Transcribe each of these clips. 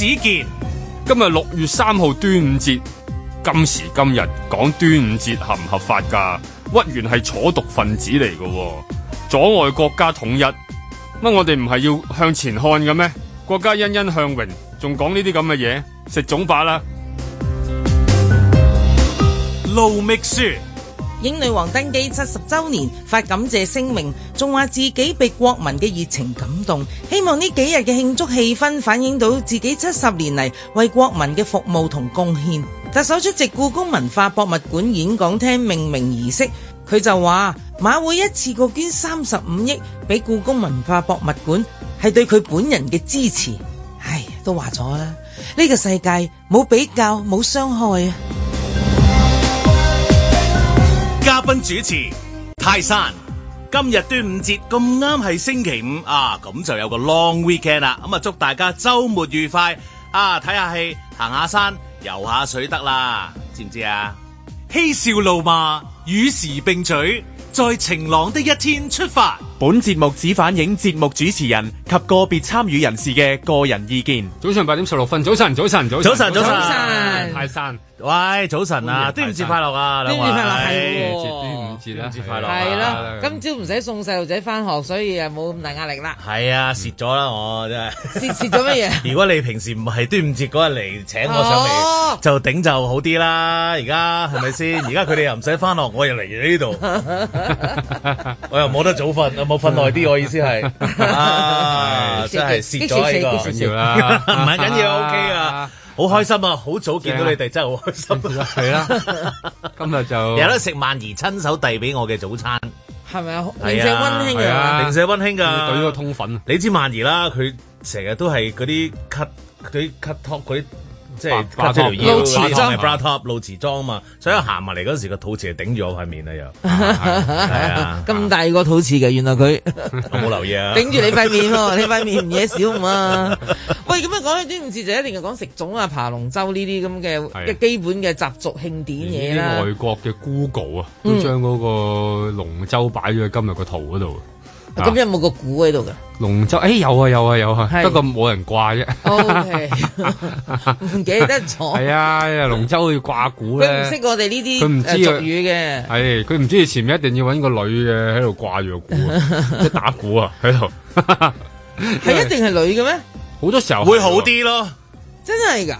子健，今日六月三號端午節，今時今日講端午節合唔合法噶？屈原係楚獨分子嚟噶，阻礙國家統一。乜我哋唔係要向前看嘅咩？國家欣欣向榮，仲講呢啲咁嘅嘢？食粽罷啦，盧秘書。英女王登基七十周年發感謝聲明，仲話自己被國民嘅熱情感動，希望呢幾日嘅慶祝氣氛反映到自己七十年嚟為國民嘅服務同貢獻。特首出席故宮文化博物館演講廳命名儀式，佢就話馬會一次過捐三十五億俾故宮文化博物館，係對佢本人嘅支持。唉，都話咗啦，呢個世界冇比較，冇傷害。嘉賓主持泰山，今日端午節咁啱係星期五啊，咁就有個 long weekend 啦。咁啊，祝大家周末愉快啊！睇下戲，行下山，游下水得啦，知唔知啊？嬉笑怒罵與時並取，在晴朗的一天出發。本節目只反映節目主持人及個別參與人士嘅個人意見。早上八點十六分，早晨，早晨，早晨，早晨，早晨，太山，喂，早晨啊，端午節快樂啊，端午節快樂，係端午節啦，端午節快樂，係咯，今朝唔使送細路仔返學，所以又冇咁大壓力啦。係啊，蝕咗啦，我真係蝕蝕咗乜嘢？如果你平時唔係端午節嗰日嚟請我上嚟，就頂就好啲啦。而家係咪先？而家佢哋又唔使返學，我又嚟喺呢度，我又冇得早瞓。我瞓耐啲，我意思係，真係蝕咗依個，唔係緊要，OK 啊，好開心啊，好早見到你哋真係好開心啊，係啊，今日就有得食萬兒親手遞俾我嘅早餐，係咪啊？零舍溫馨㗎，零舍溫馨㗎，對個通粉，你知萬兒啦，佢成日都係嗰啲咳，嗰啲咳託嗰啲。即係掛出條腰，露臍裝，露臍裝啊嘛，所以行埋嚟嗰時個肚臍係頂住我塊面啦，又咁大個肚臍嘅，原來佢冇留意啊，頂住你塊面，你塊面唔嘢少嘛？喂，咁樣講端午節就一定係講食粽啊、爬龍舟呢啲咁嘅嘅基本嘅習俗慶典嘢。外國嘅 Google 啊，都將嗰個龍舟擺咗喺今日個圖嗰度。咁有冇個鼓喺度㗎？龍舟，誒有啊有啊有啊，不過冇人掛啫。唔記得咗。係啊，龍舟要掛鼓咧。佢唔識我哋呢啲俗語嘅。係，佢唔知你前面一定要揾個女嘅喺度掛住個鼓， 即打鼓啊喺度。係 一定係女嘅咩？好多時候會好啲咯。真係噶，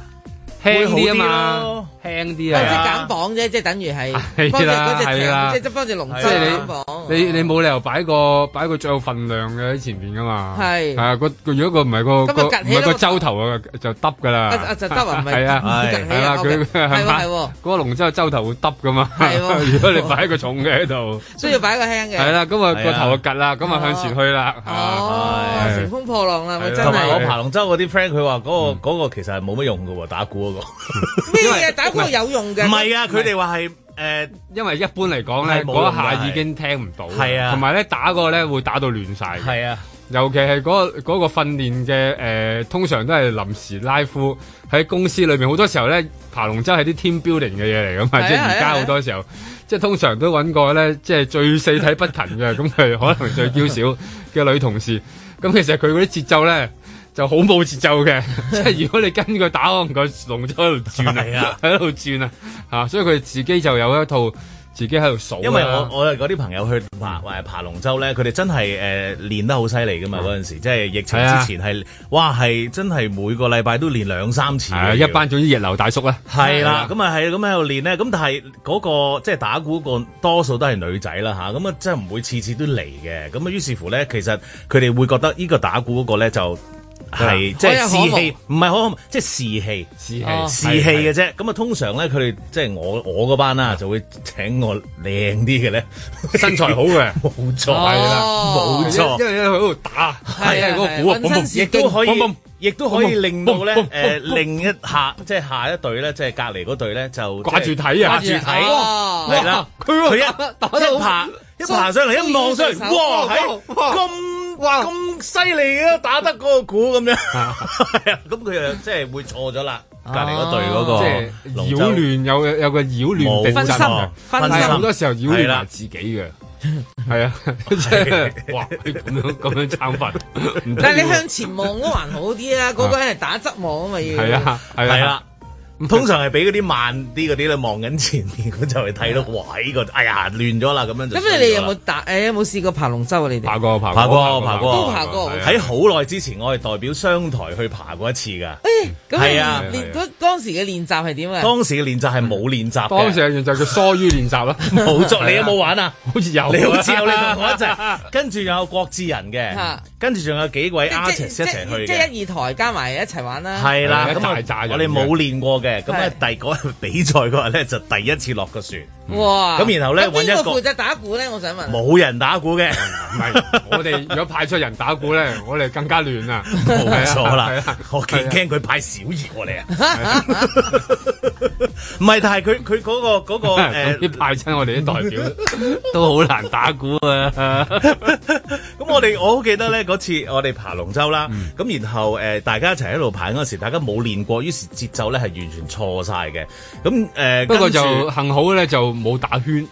輕啲啊嘛。輕啲啊！即係減磅啫，即係等於係幫隻幫隻即係幫隻龍舟減磅。你你冇理由擺個擺個最有份量嘅喺前面噶嘛？係係啊，個如果個唔係個唔係個舟頭啊，就耷噶啦。啊就耷啊，唔係唔會耷啊。佢係係喎係喎，嗰個龍舟個舟頭會耷噶嘛？係如果你擺個重嘅喺度，需要擺個輕嘅。係啦，咁啊個頭就趌啦，咁啊向前去啦。哦，乘風破浪啦，我爬龍舟嗰啲 friend，佢話嗰個嗰個其實係冇乜用嘅喎，打鼓嗰個咩嘢咁啊有用嘅，唔係啊！佢哋話係誒，因為一般嚟講咧，嗰下已經聽唔到，係啊，同埋咧打過咧會打到亂晒。係啊，尤其係嗰、那個嗰、那個訓練嘅誒、呃，通常都係臨時拉夫，喺公司裏面好多時候咧，爬龍舟係啲 team building 嘅嘢嚟㗎嘛，即係而家好多時候，即係、啊啊、通常都揾個咧，即、就、係、是、最四體不勤嘅，咁佢 可能最嬌小嘅女同事，咁其實佢嗰啲節奏咧。就好冇節奏嘅，即係 如果你跟佢打，可能龍舟喺度轉嚟是啊，喺度轉啊嚇，所以佢自己就有一套自己喺度數。因為我我哋嗰啲朋友去爬誒、嗯、爬龍舟咧，佢哋真係誒練得好犀利噶嘛。嗰陣是、啊、時即係疫情之前係是、啊、哇，係真係每個禮拜都練兩三次、啊、一班，總之熱流大叔啊，係啦是、啊啊，咁啊係咁喺度練咧。咁但係嗰、嗰個即係打鼓嗰個多數都係女仔啦吓，咁啊真係唔會次次都嚟嘅。咁啊於是乎咧，其實佢哋會覺得呢個打鼓嗰個咧就。係即士氣，唔係好即即士氣，士氣，士氣嘅啫。咁啊，通常咧，佢哋即我我嗰班啦，就會請我靚啲嘅咧，身材好嘅，冇錯係啦，冇錯，因為佢喺度打，係啊個鼓啊，亦都可以，亦都可以令到咧，誒，另一下即下一隊咧，即隔籬嗰隊咧就掛住睇啊，掛住睇，係啦，佢一一爬一爬上嚟，一望上嚟，哇，係咁。哇，咁犀利啊，打得嗰個鼓咁樣，咁佢又即係會錯咗啦。隔離嗰隊嗰個即係擾亂，有有個擾亂分心，分心，好多時候擾亂下自己嘅，係啊，即係哇，咁樣咁樣爭分。但係你向前望都還好啲啊，嗰個人係打側望啊嘛要。係啊，係啦。通常係俾嗰啲慢啲嗰啲咧望緊前面，佢就會睇到哇！呢個哎呀，亂咗啦咁樣。咁你哋有冇打？誒有冇試過爬龍舟啊？你哋爬過、爬過、爬過，都爬過。喺好耐之前，我係代表商台去爬過一次㗎。係啊，練嗰當時嘅練習係點啊？當時嘅練習係冇練習，當時嘅練習叫疏於練習啦。冇作，你有冇玩啊？好似有，你好似有你玩過一陣。跟住有郭志仁嘅，跟住仲有幾位 artist 一齊去即係一二台加埋一齊玩啦。係啦，咁啊，我哋冇練過嘅。咁啊！第嗰日比賽嗰日咧，就第一次落個船。哇！咁然後咧揾一個負責打鼓咧，我想問冇人打鼓嘅，唔係我哋如果派出人打鼓咧，我哋更加亂啊！冇錯啦，我幾驚佢派小儀過嚟啊！唔係，但係佢佢嗰個嗰個啲，派親我哋啲代表都好難打鼓啊！ 我哋我好記得咧，嗰次我哋爬龍舟啦，咁、嗯、然後誒大家一齊喺度爬嗰時，大家冇練過，於是節奏咧係完全錯晒嘅。咁、呃、誒，不過就著幸好咧就冇打圈，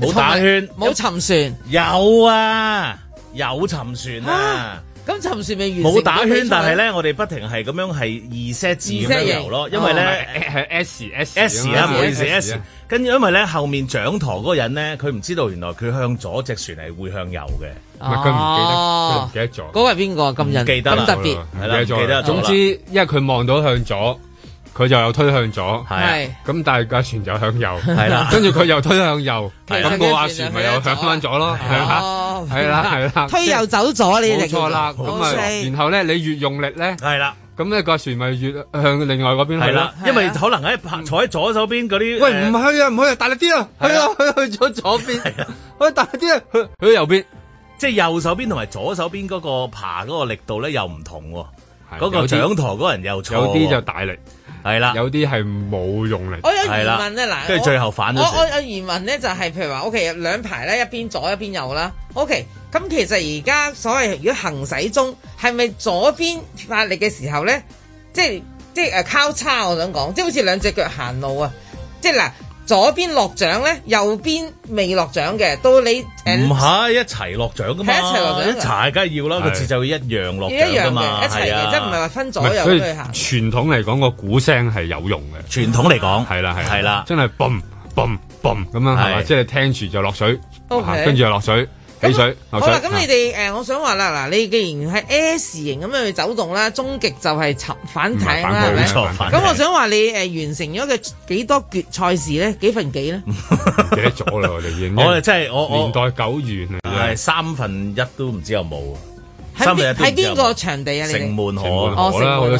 冇打圈，冇沉船，有啊，有沉船啊。 咁巡視未完成，冇打圈，但係咧，我哋不停係咁樣係 Z 字咁樣遊咯，因為咧係 S S S 啊，唔好意思 S。跟住因為咧後面掌舵嗰個人咧，佢唔知道原來佢向左隻船係會向右嘅，唔係佢唔記得，唔記得咗。嗰個係邊個啊？今日唔記得啦，特別唔記得。總之，因為佢望到向左，佢就又推向左，係咁，但係架船就向右，係啦。跟住佢又推向右，咁我話船咪又向翻左咯，係啦，係啦，推右走咗你，冇錯啦。咁啊，然後咧，你越用力咧，係啦，咁咧個船咪越向另外嗰邊，係啦，因為可能喺坐喺左手邊嗰啲，喂，唔去啊，唔去啊，大力啲啊，去啊，去去咗左邊，去大力啲啊，去去右邊，即係右手邊同埋左手邊嗰個爬嗰個力度咧又唔同，嗰個掌舵嗰人又錯，有啲就大力。係啦，有啲係冇用嚟。我有疑問咧，係嗱，跟住最後反咗。我我有疑問咧，就係、是、譬如話，O K 兩排咧，一邊左一邊右啦。O K，咁其實而家所謂如果行駛中，係咪左邊發力嘅時候咧，即係即係誒交叉，我想講，即係好似兩隻腳行路啊，即係嗱。左邊落獎咧，右邊未落獎嘅，到你唔係一齊落獎噶嘛？一齊落獎，一齊梗係要啦，個節奏要一樣落，一樣嘛，一齊嘅，即係唔係話分左右去行。傳統嚟講個鼓聲係有用嘅，傳統嚟講係啦係啦，真係 boom boom boom 咁樣係嘛，即係聽住就落水，跟住就落水。好啦，咁你哋誒，我想話啦，嗱，你既然喺 S 型咁樣去走動啦，終極就係尋反艇啦，係咪？咁我想話你誒，完成咗嘅幾多決賽事咧？幾分幾咧？唔記得咗啦，我哋已經。我哋真係我我年代久遠啊，係三分一都唔知有冇。喺邊喺邊個場地啊？你城門河，哦，城門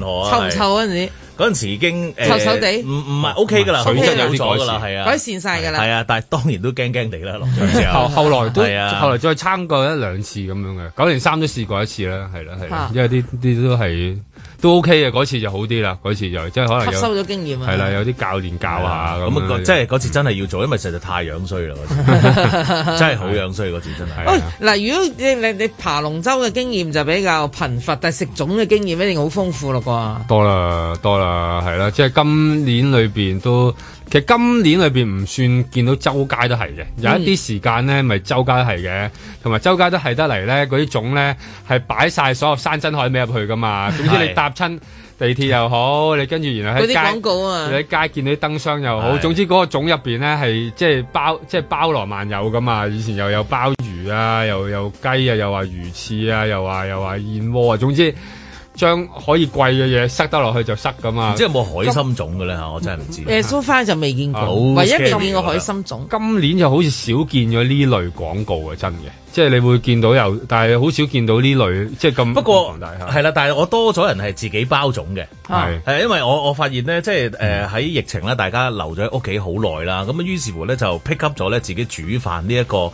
河，臭臭嗰陣時。嗰陣時已經誒，臭臭地，唔唔係 OK 噶啦，水質有啲改噶啦，係啊，改善曬噶啦，係啊，啊啊但係當然都驚驚地啦，落咗之後，後來都係啊，後來再參過一兩次咁樣嘅，九零三都試過一次啦，係啦、啊，係啦、啊，啊、因為啲啲都係。都 OK 嘅，嗰次就好啲啦，嗰次就即係可能有吸收咗經驗啊，係啦、啊，有啲教練教下咁，即係嗰次真係要做，因為實在太樣衰啦，嗰次 真係好樣衰嗰次真係。嗱、 啊，如果你你你爬龍舟嘅經驗就比較貧乏，但係食粽嘅經驗一定好豐富咯啩？多啦多啦，係啦、啊，即係今年裏邊都。其實今年裏邊唔算見到周街都係嘅，嗯、有一啲時間咧咪周街都係嘅，同埋周街都係得嚟咧，嗰啲粽咧係擺晒所有山珍海味入去噶嘛。總之你搭親地鐵又好，你跟住然後喺啲廣告啊，你喺街見到啲燈箱又好，是的 總之嗰個粽入邊咧係即係包即係包羅萬有噶嘛。以前又有鮑魚啊，又有雞啊，又話魚翅啊，又話又話燕窩啊，總之。將可以貴嘅嘢塞得落去就塞咁啊！即係有冇海參粽嘅咧，我真係唔知。so far 就未見過，唯一未見過海參粽。今年就好似少見咗呢類廣告啊，真嘅。即係你會見到有，但係好少見到呢類，即係咁。不過係啦，但係我多咗人係自己包粽嘅，係係因為我我發現咧，即係誒喺疫情咧，大家留咗喺屋企好耐啦，咁啊於是乎咧就 pick up 咗咧自己煮飯呢一個誒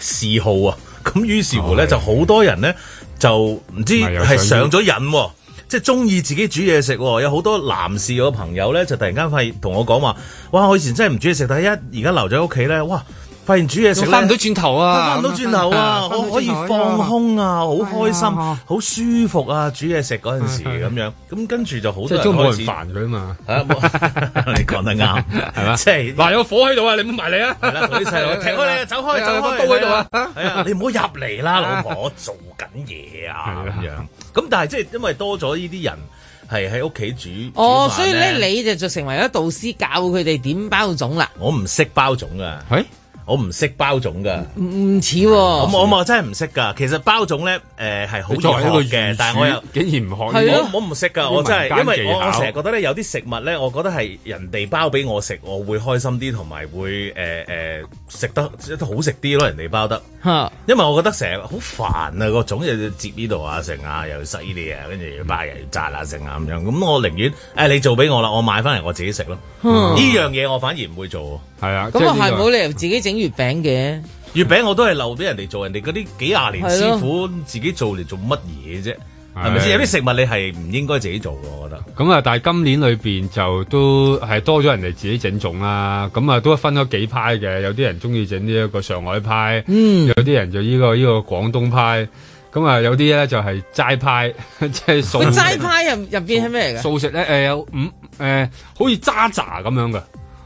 嗜好啊，咁於是乎咧就好多人咧。就唔知係是上咗癮啊，即係中意自己煮嘢食啊。嗯、有好多男士個朋友咧，就突然間發現同我講話：哇！我以前真係唔煮嘢食，但係一而家留咗喺屋企咧，哇！發現煮嘢食咧，翻唔到轉頭啊！翻唔到轉頭啊！我可以放空啊，好開心，好舒服啊！煮嘢食嗰陣時咁樣，咁跟住就好多人開始煩佢嘛。你講得啱，係嘛？即係話，有火喺度啊！你唔好埋嚟啊！啲細路踢開你啊！走開，走開，刀喺度啊！係啊，你唔好入嚟啦，老婆做緊嘢啊！咁樣咁，但係即係因為多咗呢啲人係喺屋企煮，哦，所以咧你就就成為咗導師，教佢哋點包粽啦。我唔識包粽噶，係。我唔識包粽噶，唔似喎，我我真係唔識噶。其實包粽咧，誒係好重要嘅，但係我又竟然唔學，係、啊、我唔識噶,我真係，因為我我成日覺得咧，有啲食物咧，我覺得係人哋包俾我食，我會開心啲，同埋會誒誒、呃呃、食得好食啲咯，人哋包得。嚇！因為我覺得成日好煩啊，個種又要接呢度啊，成啊，又要洗呢啲嘢，跟住要包，又要炸啊，成啊咁樣。咁我寧願誒、啊、你做俾我啦，我買翻嚟我自己食咯。呢、嗯、樣嘢我反而唔會做。係啊，咁我係冇理由自己整月餅嘅。月餅我都係留俾人哋做，人哋嗰啲幾廿年師傅自己做嚟做乜嘢啫？係咪先有啲食物你係唔應該自己做嘅？我覺得咁啊、嗯，但係今年裏邊就都係多咗人哋自己整粽啦。咁啊，都分咗幾派嘅。有啲人中意整呢一個上海派，嗯，有啲人就依、這個依、這個廣東派。咁啊，有啲咧就係齋派，即 係素齋派入入邊係咩嚟嘅？素食咧誒、呃、有五誒、呃，好似渣渣咁樣嘅。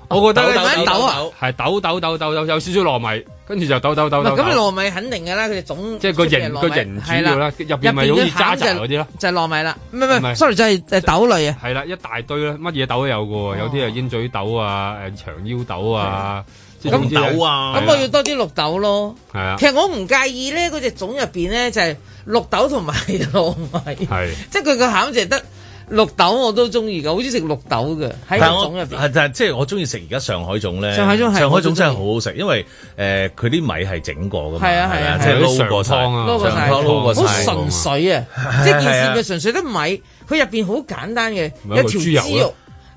哦、我覺得豆豆豆係豆豆豆豆豆有少少糯米。跟住就豆豆豆豆。咁糯米肯定噶啦，佢哋種即係個形個形主要啦，入邊咪好扎雜嗰啲咯，就係糯米啦。唔係唔係，sorry，就係豆類啊。係啦，一大堆啦，乜嘢豆都有噶喎，有啲啊鷹嘴豆啊，誒長腰豆啊，即係豆啊。咁我要多啲綠豆咯。係啊。其實我唔介意咧，嗰隻種入邊咧就係綠豆同埋糯米。係。即係佢個餡就得。綠豆我都中意噶，好似食綠豆嘅，喺粽入邊。係，但係即係我中意食而家上海粽咧。上海粽係上海粽真係好好食，因為誒佢啲米係整過㗎嘛。係啊係啊，即係撈過曬，撈過曬，撈過曬，好純粹啊！即係件事咪純粹啲米，佢入邊好簡單嘅，一條豬油。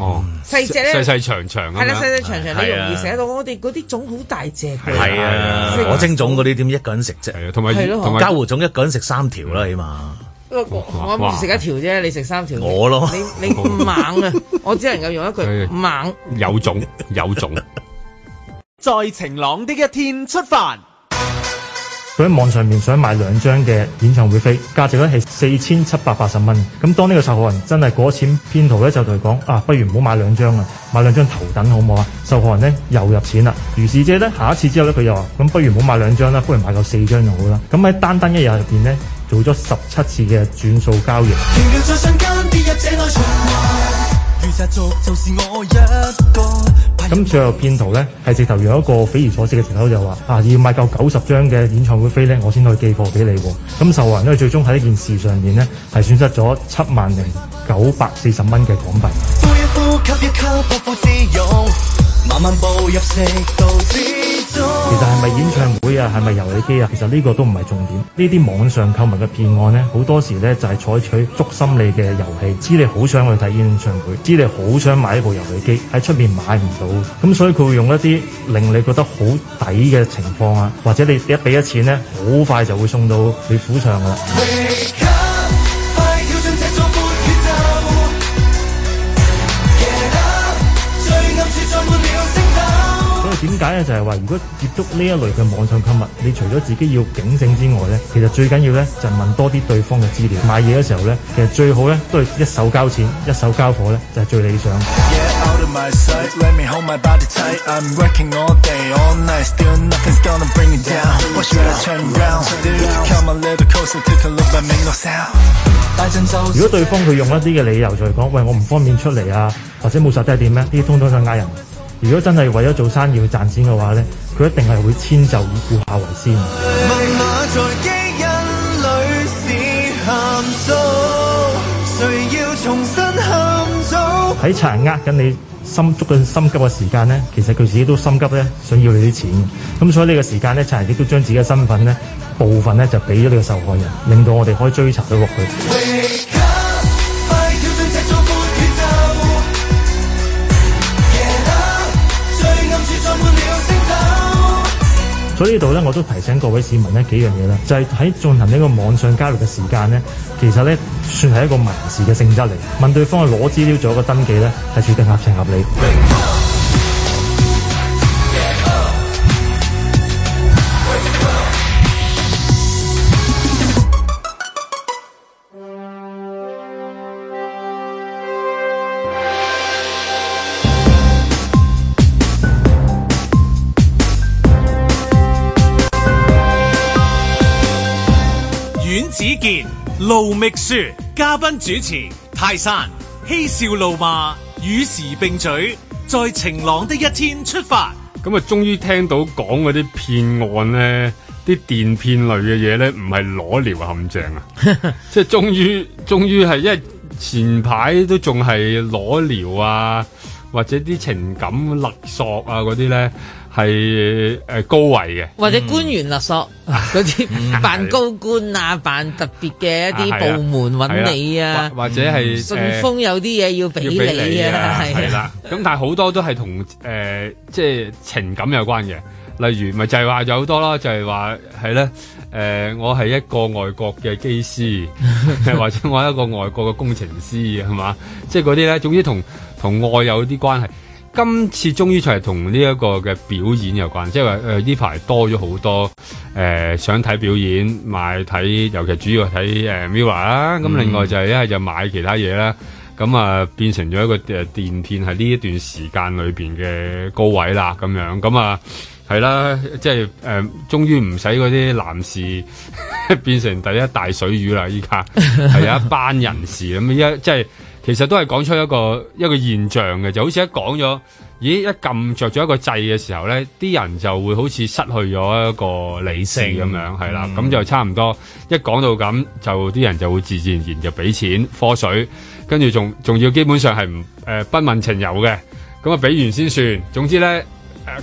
哦，細隻咧，細細長長係啦，細細長長，你容易食得到。我哋嗰啲粽好大隻嘅，係啊，裹蒸粽嗰啲點一個人食啫？同埋，同埋膠糊粽一個人食三條啦，起碼。我我食一條啫，你食三條。我咯，你你猛啊！我只能夠用一句猛，有種有種。在晴朗的一天出發。佢喺網上面想買兩張嘅演唱會飛，價值咧係四千七百八十蚊。咁當呢個受害人真係果錢編圖咧，就同佢講啊，不如唔好買兩張啊，買兩張頭等好唔好啊？受害人呢又入錢啦。如是者呢，下一次之後咧，佢又話，咁不如唔好買兩張啦，不如買夠四張就好啦。咁喺單單一日入面呢，做咗十七次嘅轉數交易。咁最後騙徒呢，係直頭用一個匪夷所思嘅傳口，就話啊，要買夠九十張嘅演唱會飛呢，我先可以寄貨俾你。咁、啊、受害人咧最終喺呢件事上面呢，係損失咗七萬零九百四十蚊嘅港幣。 慢慢步入食道之中。其實係咪演唱會啊？係咪遊戲機啊？其實呢個都唔係重點。呢啲網上購物嘅騙案呢，好多時呢就係、是、採取捉心理嘅遊戲，知你好想去睇演唱會，知你好想買一部遊戲機，喺出面買唔到，咁所以佢會用一啲令你覺得好抵嘅情況啊，或者你一俾一錢呢，好快就會送到你府上噶啦。點解咧？就係話，如果接觸呢一類嘅網上購物，你除咗自己要警醒之外咧，其實最緊要咧就係問多啲對方嘅資料。買嘢嘅時候咧，其實最好咧都係一手交錢一手交貨咧，就係最理想。如果對方佢用一啲嘅理由就係講，喂，我唔方便出嚟啊，或者冇實體店咧，呢啲通通想係呃人。如果真係為咗做生意去賺錢嘅話咧，佢一定係會遷就以顧下為先。嗯、在基因裏是要喺賊人呃緊你心足嘅心急嘅時間咧，其實佢自己都心急咧，想要你啲錢。咁所以呢個時間咧，賊人亦都將自己嘅身份咧，部分咧就俾咗呢個受害人，令到我哋可以追查到落去。所以這裡呢度呢，我都提醒各位市民呢幾樣嘢啦，就係、是、喺進行呢個網上交易嘅時間呢，其實呢算係一個民事嘅性質嚟，問對方去攞資料做一個登記呢，係絕對合情合理。見盧覓雪，嘉賓主持泰山嬉笑怒罵，與時並舉，在晴朗的一天出發。咁啊，終於聽到講嗰啲騙案咧，啲電騙類嘅嘢咧，唔係裸聊陷阱啊！即係終於，終於係，因為前排都仲係裸聊啊，或者啲情感勒索啊嗰啲咧。係誒、呃、高位嘅，或者官員勒索嗰啲扮高官啊，扮特別嘅一啲部門揾你啊，啊啊啊啊或，或者係、嗯啊、信封有啲嘢要俾你啊，係啦、啊。咁、啊啊 啊、但係好多都係同誒即係情感有關嘅，例如咪就係話有好多啦，就係話係咧誒，我係一個外國嘅機師，啊、 或者我係一個外國嘅工程師啊，係嘛？即係嗰啲咧，總之同同愛有啲關係。今次終於就係同呢一個嘅表演有關，即係話誒呢排多咗好多誒、呃、想睇表演，買睇，尤其主要係睇誒 Mirror 啊，咁另外就係一係就買其他嘢啦，咁啊變成咗一個誒電片喺呢一段時間裏邊嘅高位啦，咁樣咁啊係啦，即係誒、呃、終於唔使嗰啲男士 變成第一大水魚啦，依家係有一班人士咁一、嗯、即係。其實都係講出一個一個現象嘅，就好似一講咗，咦一撳著咗一個掣嘅時候咧，啲人就會好似失去咗一個理性咁樣，係啦，咁就差唔多一講到咁，就啲人就會自自然然就俾錢科水，跟住仲仲要基本上係唔誒不問情由嘅，咁啊俾完先算。總之咧，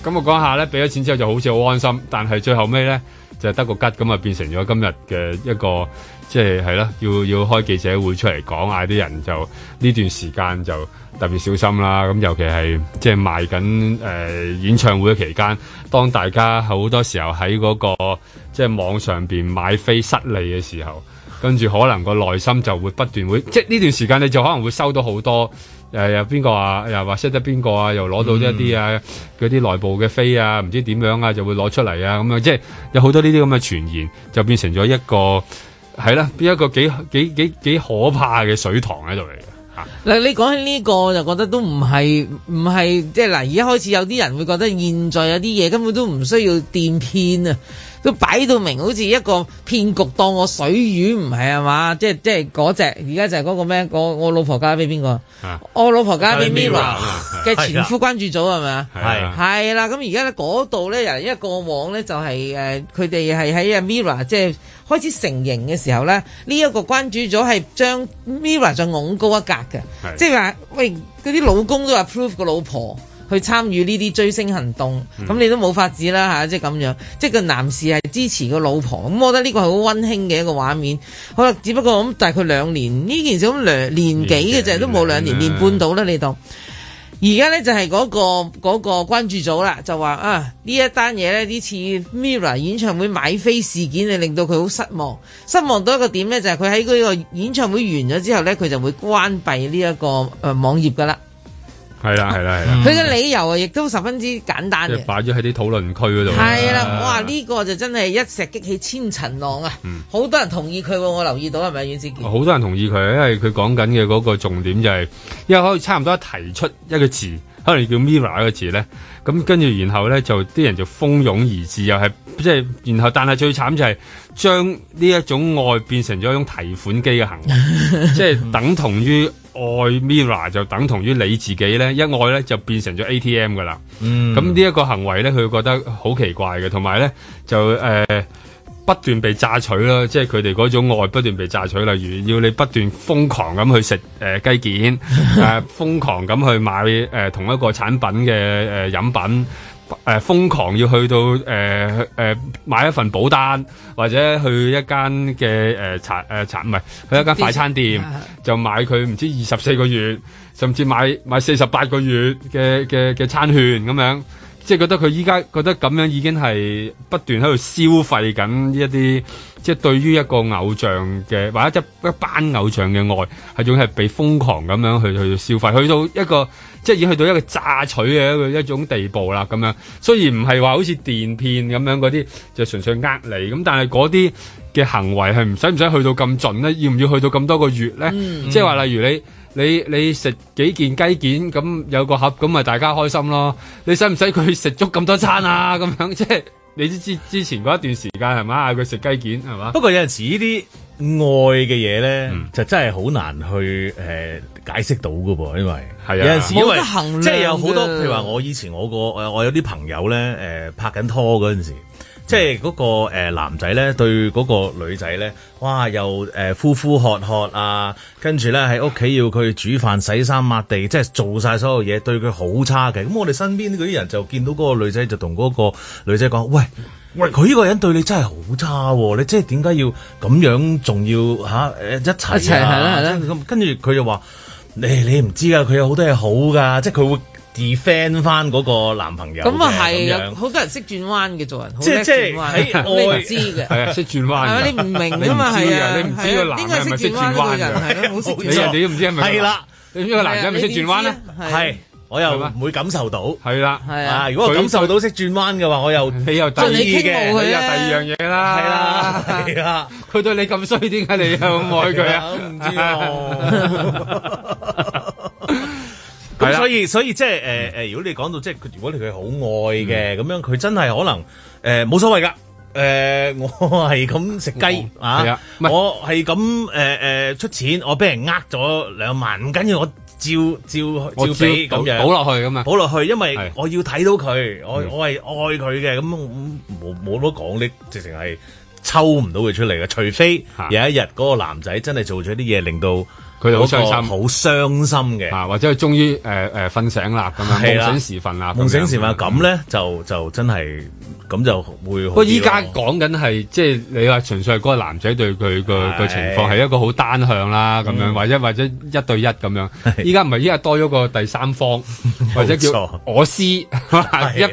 咁我講下咧，俾咗錢之後就好似好安心，但係最後尾咧就係得個吉，咁啊變成咗今日嘅一個。即係係咯，要要開記者會出嚟講，嗌啲人就呢段時間就特別小心啦。咁尤其係即係賣緊誒、呃、演唱會嘅期間，當大家好多時候喺嗰、那個即係網上邊買飛失利嘅時候，跟住可能個內心就會不斷會即係呢段時間你就可能會收到好多誒、呃、又邊個啊又話識得邊個啊，又攞、啊、到一啲、嗯、啊嗰啲內部嘅飛啊，唔知點樣啊，就會攞出嚟啊，咁樣，即係有好多呢啲咁嘅傳言，就變成咗一個。係啦，邊一個幾幾幾幾可怕嘅水塘喺度嚟嘅吓。嗱、啊，你講起呢、這個就覺得都唔係唔係，即係嗱，而家開始有啲人會覺得現在，在有啲嘢根本都唔需要墊片啊，都擺到明，好似一個騙局，當我水魚唔係啊嘛，即係即係嗰隻，而家就係嗰個咩，我我老婆嫁俾邊個？我老婆嫁俾 Mira？啊 前夫關注組係咪啊？係係啦，咁而家咧嗰度咧又因為過往咧就係誒佢哋係喺 Mirror 即係開始成型嘅時候咧，呢、這、一個關注組係將 Mirror 就昂高一格嘅，的即係話喂嗰啲老公都 approve 個老婆去參與呢啲追星行動，咁、嗯、你都冇法子啦吓，即係咁樣，即係個男士係支持個老婆，咁我覺得呢個係好温馨嘅一個畫面。好啦，只不過咁大概兩年呢件事咁兩,兩年幾嘅就啫，都冇兩年年半到啦，你當。而家咧就係嗰個嗰個關注組啦，就話啊呢一單嘢咧呢次 Mira 演唱會買飛事件，令到佢好失望，失望到一個點咧，就係佢喺演唱會完咗之後咧，佢就會關閉呢一個誒、呃、網頁噶啦係啦，係啦，係啦。佢嘅、嗯、理由啊，亦都十分之簡單。即擺咗喺啲討論區嗰度，啊。係啦，我呢、呢個就真係一石激起千層浪啊！好、嗯、多人同意佢喎，我留意到係咪？好多人同意佢，因為佢講緊嘅嗰個重點就係、因為，可以差唔多提出一個詞，可能叫 mirror 一個詞咧。咁跟住，然後咧就啲人就蜂擁而至，又係即係，然後但係最慘就係將呢一種愛變成咗一種提款機嘅行為，即係 等同於。愛 MIRROR 就等同於你自己呢，一愛呢就變成咗 ATM 噶啦。咁呢一個行為呢，佢覺得好奇怪嘅，同埋呢，就誒、呃、不斷被榨取啦，即係佢哋嗰種愛不斷被榨取。例如要你不斷瘋狂咁去食誒、呃、雞件，誒、 呃、瘋狂咁去買誒、呃、同一個產品嘅誒、呃、飲品。誒、呃、瘋狂要去到誒誒、呃呃、買一份保單，或者去一間嘅誒茶誒、啊、茶唔係去一間快餐店 就買佢唔知二十四個月，甚至買買四十八個月嘅嘅嘅餐券咁樣。即係覺得佢依家覺得咁樣已經係不斷喺度消費緊一啲，即係對於一個偶像嘅，或者一一班偶像嘅愛係總係被瘋狂咁樣去去消費，去到一個即係已經去到一個榨取嘅一個一種地步啦咁樣。雖然唔係話好似電騙咁樣嗰啲，就純粹呃你咁，但係嗰啲嘅行為係唔使唔使去到咁盡咧，要唔要去到咁多個月咧？嗯嗯、即係話例如你。你你食幾件雞件咁有個盒咁咪大家開心咯？你使唔使佢食足咁多餐啊？咁樣即係你知之前嗰一段時間係嘛？嗌佢食雞件係嘛？不過有陣時呢啲愛嘅嘢咧，嗯、就真係好難去誒、呃、解釋到㗎噃，因為係、嗯、啊，有陣時因為冇得衡量。即係有好多，譬如話我以前我個誒，我有啲朋友咧誒、呃、拍緊拖嗰陣時。即係嗰個誒男仔咧，對嗰個女仔咧，哇又誒呼呼喝喝啊，跟住咧喺屋企要佢煮飯、洗衫、抹地，即係做晒所有嘢，對佢好差嘅。咁我哋身邊嗰啲人就見到嗰個女仔就同嗰個女仔講：，喂喂，佢呢個人對你真係好差喎、啊！你即係點解要咁樣要，仲要吓誒一齊、啊、一齊係啦，跟住佢就話：，你你唔知噶，佢有多好多嘢好噶，即係佢會。而 f r i e n d 翻嗰個男朋友咁啊，係好多人識轉彎嘅做人，即係即係喺外資嘅，係識轉彎。係你唔明㗎嘛？你唔知個男嘅咪識轉彎，你又你都唔知係咪你轉彎？個男仔係咪識轉彎咧？係，我又唔會感受到。係啦，係啊，如果感受到識轉彎嘅話，我又你又第二嘅，第二樣嘢啦。係啦，係啦，佢對你咁衰，點解你又咁愛佢啊？唔知嗯、所以所以即係誒誒，如果你講到即係，如果你佢好愛嘅咁樣，佢真係可能誒冇所謂噶。誒，我係咁食雞啊，係啊，我係咁誒誒出錢，我俾人呃咗兩萬，唔緊要，我照照照俾咁樣補落去咁啊，補落去，因為我要睇到佢，我的我係愛佢嘅，咁冇冇多講啲，你直情係抽唔到佢出嚟嘅，除非有一日嗰個男仔真係做咗啲嘢，令到。佢好傷心，好傷心嘅啊！或者佢終於誒誒瞓醒啦，咁樣夢醒時分啦，夢醒時分咁咧，就就真係咁就會。不過依家講緊係即係你話純粹係嗰個男仔對佢嘅個情況係一個好單向啦，咁樣或者或者一對一咁樣。依家唔係依家多咗個第三方，或者叫我思一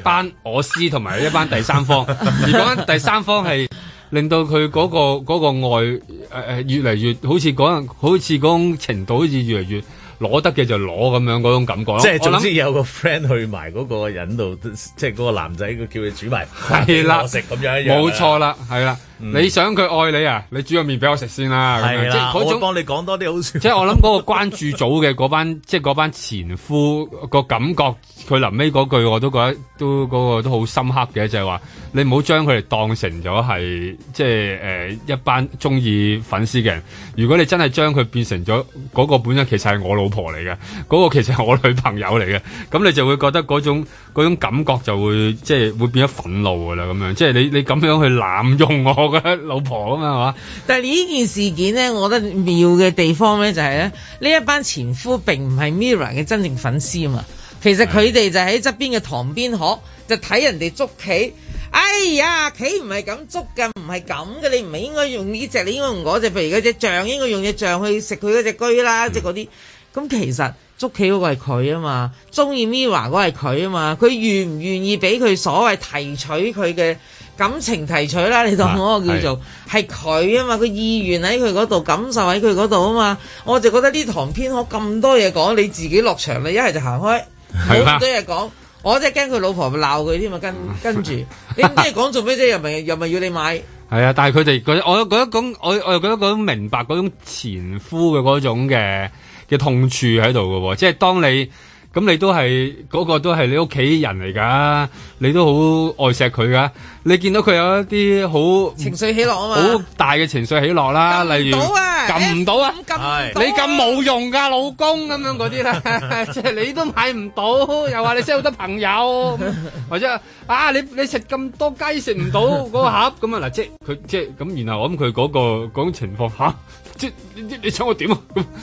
班我思同埋一班第三方。而講緊第三方係。令到佢嗰個嗰個愛、呃、越嚟越好似嗰個好似嗰種程度好似越嚟越攞得嘅就攞咁樣嗰種感覺咯。即係總之有個 friend 去埋嗰個人度，想即係嗰個男仔佢叫佢煮埋嚟啦我食咁樣一樣。冇錯啦，係啦。你想佢愛你啊？你煮個麵俾我食先啦。係啦的，即係我幫你講多啲好。即係我諗嗰個關注組嘅班， 即係嗰班前夫個感覺，佢臨尾嗰句我都覺得都嗰、那個都好深刻嘅，就係、是、話你唔好將佢哋當成咗係即係誒、呃、一班中意粉絲嘅人。如果你真係將佢變成咗嗰、那個本身其實係我老婆嚟嘅，嗰、那個其實係我女朋友嚟嘅，咁你就會覺得嗰種嗰種感覺就會即係會變咗憤怒噶啦咁樣。即係你你咁樣去濫用我。我老婆啊嘛，嚇！但係呢件事件咧，我覺得妙嘅地方咧就係、是、咧，呢一班前夫並唔係 Mirror 嘅真正粉絲啊嘛，其實佢哋就喺側邊嘅塘邊鶴就睇人哋捉棋。哎呀，棋唔係咁捉嘅，唔係咁嘅，你唔係應該用呢隻，你應該用嗰隻，譬如嗰隻象，應該用隻象去食佢嗰隻車啦，嗯、即係嗰啲。咁、嗯、其實捉棋嗰個係佢啊嘛，中意 Mirror 嗰個係佢啊嘛，佢願唔願意俾佢所謂提取佢嘅？感情提取啦，你當我個叫做係佢啊嘛，佢意願喺佢嗰度，感受喺佢嗰度啊嘛，我就覺得呢堂片好咁多嘢講。你自己落場你一係就行開，冇咁多嘢講，嗎我真係驚佢老婆鬧佢添啊，跟跟住 你唔知嘢講做咩啫？又咪又咪要你買？係啊，但係佢哋佢，我都覺得講，我我又覺得講明白嗰種前夫嘅嗰種嘅嘅痛處喺度嘅喎，即係當你。咁你都係嗰、那個都係你屋企人嚟㗎，你都好愛錫佢㗎。你見到佢有一啲好情緒起落啊嘛，好大嘅情緒起落啦。例如撳唔到啊，撳唔到啊，你咁冇用㗎、啊，老公咁樣嗰啲咧，即 係你都買唔到，又話你識好多朋友， 或者啊，你你食咁多雞食唔到嗰、那個盒咁啊嗱，即係佢 即係咁，然後我諗佢嗰個嗰種情況嚇。即你你你 想我點啊？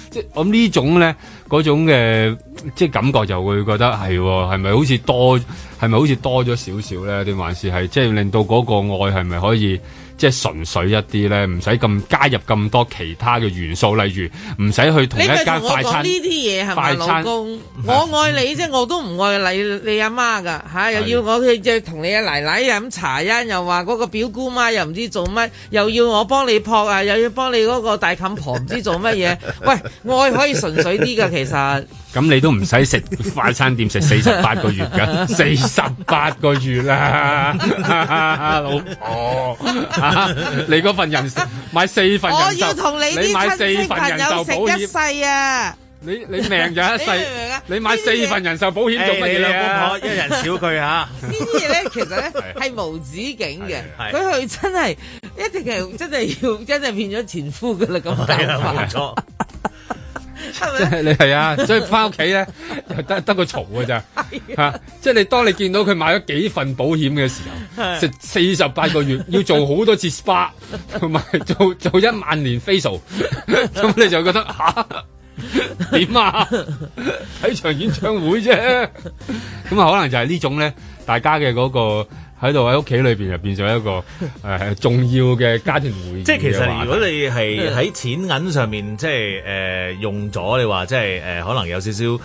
即我呢種咧嗰種嘅即感覺就會覺得係係咪好似多係咪好似多咗少少咧？定還是係即令到嗰個愛係咪可以？即係純粹一啲咧，唔使咁加入咁多其他嘅元素，例如唔使去同一間快餐。呢啲嘢係咪老公？嗯、我愛你啫，我都唔愛你你阿媽噶吓，又要我去即同你阿奶奶飲茶呀，又話嗰個表姑媽又唔知做乜，又要我幫你撲啊，又要幫你嗰個大冚婆唔知做乜嘢。喂，我可以純粹啲噶，其實、嗯。咁你都唔使食快餐店食四十八個月噶，四十八個月啦、啊啊啊啊，老婆。啊。你嗰份人壽買四份人壽，我要同你，你買四份人壽保險，你命就一世啊！你你命就一世，你買四份人壽保險做乜嘢啊？兩個婆婆一人少佢吓，呢啲咧其實咧係無止境嘅，佢去真係一定其實真係要真係變咗前夫噶啦咁嘅。係啦，唔錯。即係你係啊，所以返屋企咧，得得個嘈㗎咋吓？即係你當你見到佢買咗幾份保險嘅時候，食四十八個月，要做好多次 spa，同埋做做一萬年 facial，咁 你就覺得吓點啊？睇、啊、場演唱會啫，咁 啊可能就係呢種咧，大家嘅嗰、嗰個。喺度，喺屋企裏邊就變咗一個誒、呃、重要嘅家庭會議。即係其實如果你係喺錢銀上面即係誒、呃、用咗，你話即係誒、呃、可能有少少誒唔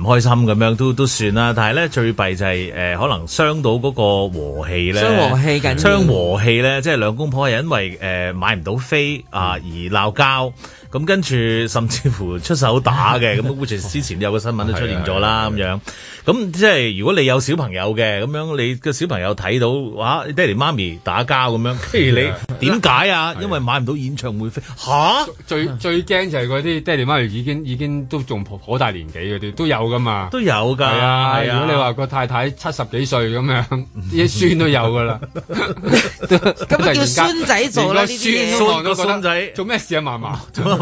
開心咁樣都都算啦。但係咧最弊就係、是、誒、呃、可能傷到嗰個和氣咧。傷和氣緊張。傷和氣咧，即係兩公婆係因為誒、呃、買唔到飛啊而鬧交。嗯咁跟住甚至乎出手打嘅咁，之、嗯、前有個新聞都出現咗啦咁樣。咁即係如果你有小朋友嘅咁樣，你個小朋友睇到哇，爹哋媽咪打交咁樣，譬如 對你點 解啊？因為買唔到演唱會飛嚇、啊。最最驚就係嗰啲爹哋媽咪已經已經都仲好大年紀嗰啲都有噶嘛？都有㗎。係啊，啊如果你話個太太七十幾歲咁樣，啲孫都有㗎啦。咁咪叫孫仔做啦呢孫仔做咩事啊？嫲嫲。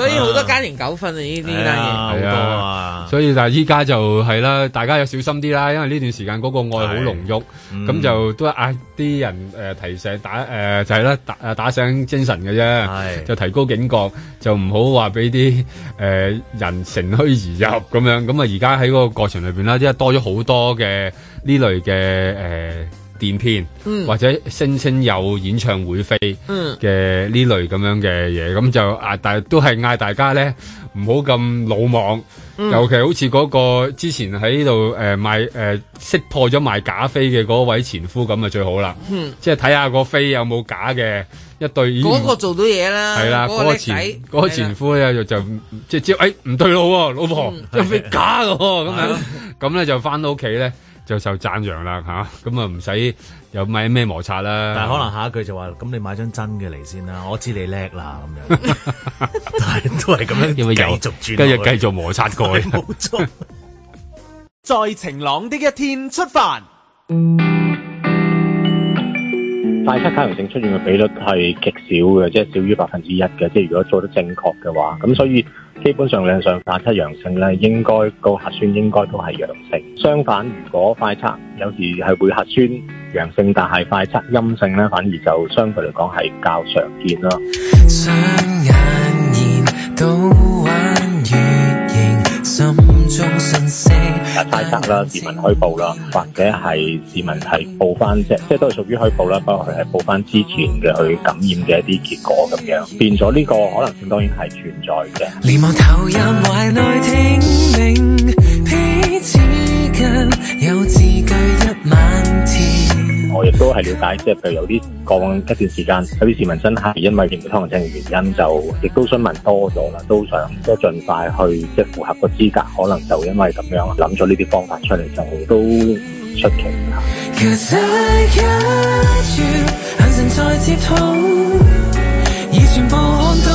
所以好多家庭糾紛啊！呢啲單嘢好多啊！所以但係依家就係、是、啦，大家要小心啲啦，因為呢段時間嗰個愛好濃郁，咁、嗯、就都係嗌啲人誒、呃、提醒打誒、呃、就係、是、啦打啊打醒精神嘅啫，的就提高警覺，就唔好話俾啲誒人乘虛而入咁樣。咁啊而家喺個過程裏邊啦，即係多咗好多嘅呢類嘅誒。呃電片，或者聲稱有演唱會飛嘅呢類咁樣嘅嘢，咁就啊，但係都係嗌大家咧，唔好咁魯莽，尤其好似嗰個之前喺度誒賣誒識破咗賣假飛嘅嗰位前夫咁啊，最好啦，即係睇下個飛有冇假嘅一對。嗰個做到嘢啦，係啦，嗰個前嗰個前夫咧就即係知誒唔對路喎，老婆，即係飛假嘅，咁樣咁咧就返到屋企咧。就受讚揚啦嚇，咁啊唔使又買咩摩擦啦。但係可能下一句就話：咁你買張真嘅嚟先啦。我知你叻啦咁樣，都係咁樣繼續轉，跟住繼續摩擦過去。冇錯，在 晴朗的一天出發。 快測太陽性出現嘅比率係極少嘅，即係少於百分之一嘅。即係如果做得正確嘅話，咁所以基本上量上快測陽性咧，應該個核酸應該都係陽性。相反，如果快測有時係會核酸陽性，但係快測陰性咧，反而就相對嚟講係較常見咯。啊！猜測啦，市民虛報啦，或者係市民係報翻即，即都係屬於虛報啦。包括佢係報翻之前嘅佢感染嘅一啲結果咁樣，變咗呢個可能性當然係存在嘅。連我亦都係了解，即係譬如有啲過往一段時間，有啲市民真係因為認唔到通行證嘅原因，就亦都詢問多咗啦，都想即係盡快去即係符合個資格，可能就因為咁樣，諗咗呢啲方法出嚟，就都出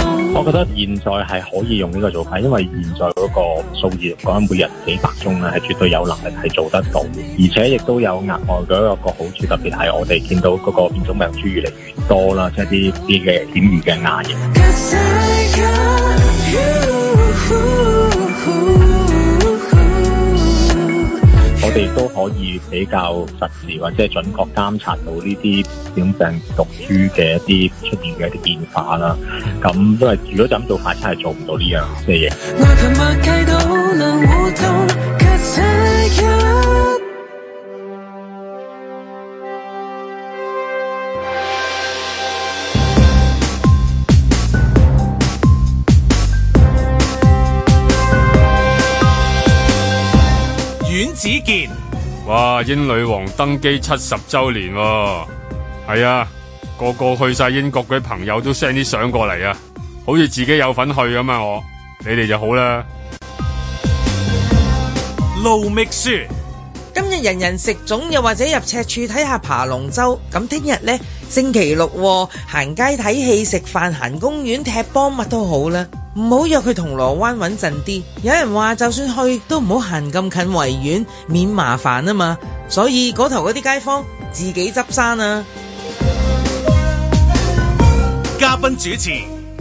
奇。 我覺得現在係可以用呢個做法，因為現在嗰個數字嚟講每日幾百宗，呢係絕對有能力係做得到，而且亦都有額外嘅一個好處，特別係我哋見到嗰個變種病毒越嚟越多啦，即係啲啲嘅險惡嘅顏色。我哋都可以比較實時或者準確監察到呢啲點病毒株嘅一啲出現嘅一啲變化啦。咁因為，如果就咁做法，真係做唔到呢樣即嘢。子健，哇！英女王登基七十周年，係啊，個個去晒英國嘅朋友都 send 啲相過嚟啊，好似自己有份去咁啊！我你哋就好啦。盧覓雪：今日人人食粽，又或者入赤柱睇下爬龍舟。咁聽日呢，星期六行街睇戲、食飯、行公園、踢波，乜都好啦。唔好約去銅鑼灣穩陣啲，有人話就算去都唔好行咁近維園，免麻煩啊嘛。所以嗰頭嗰啲街坊自己執生啊！嘉賓主持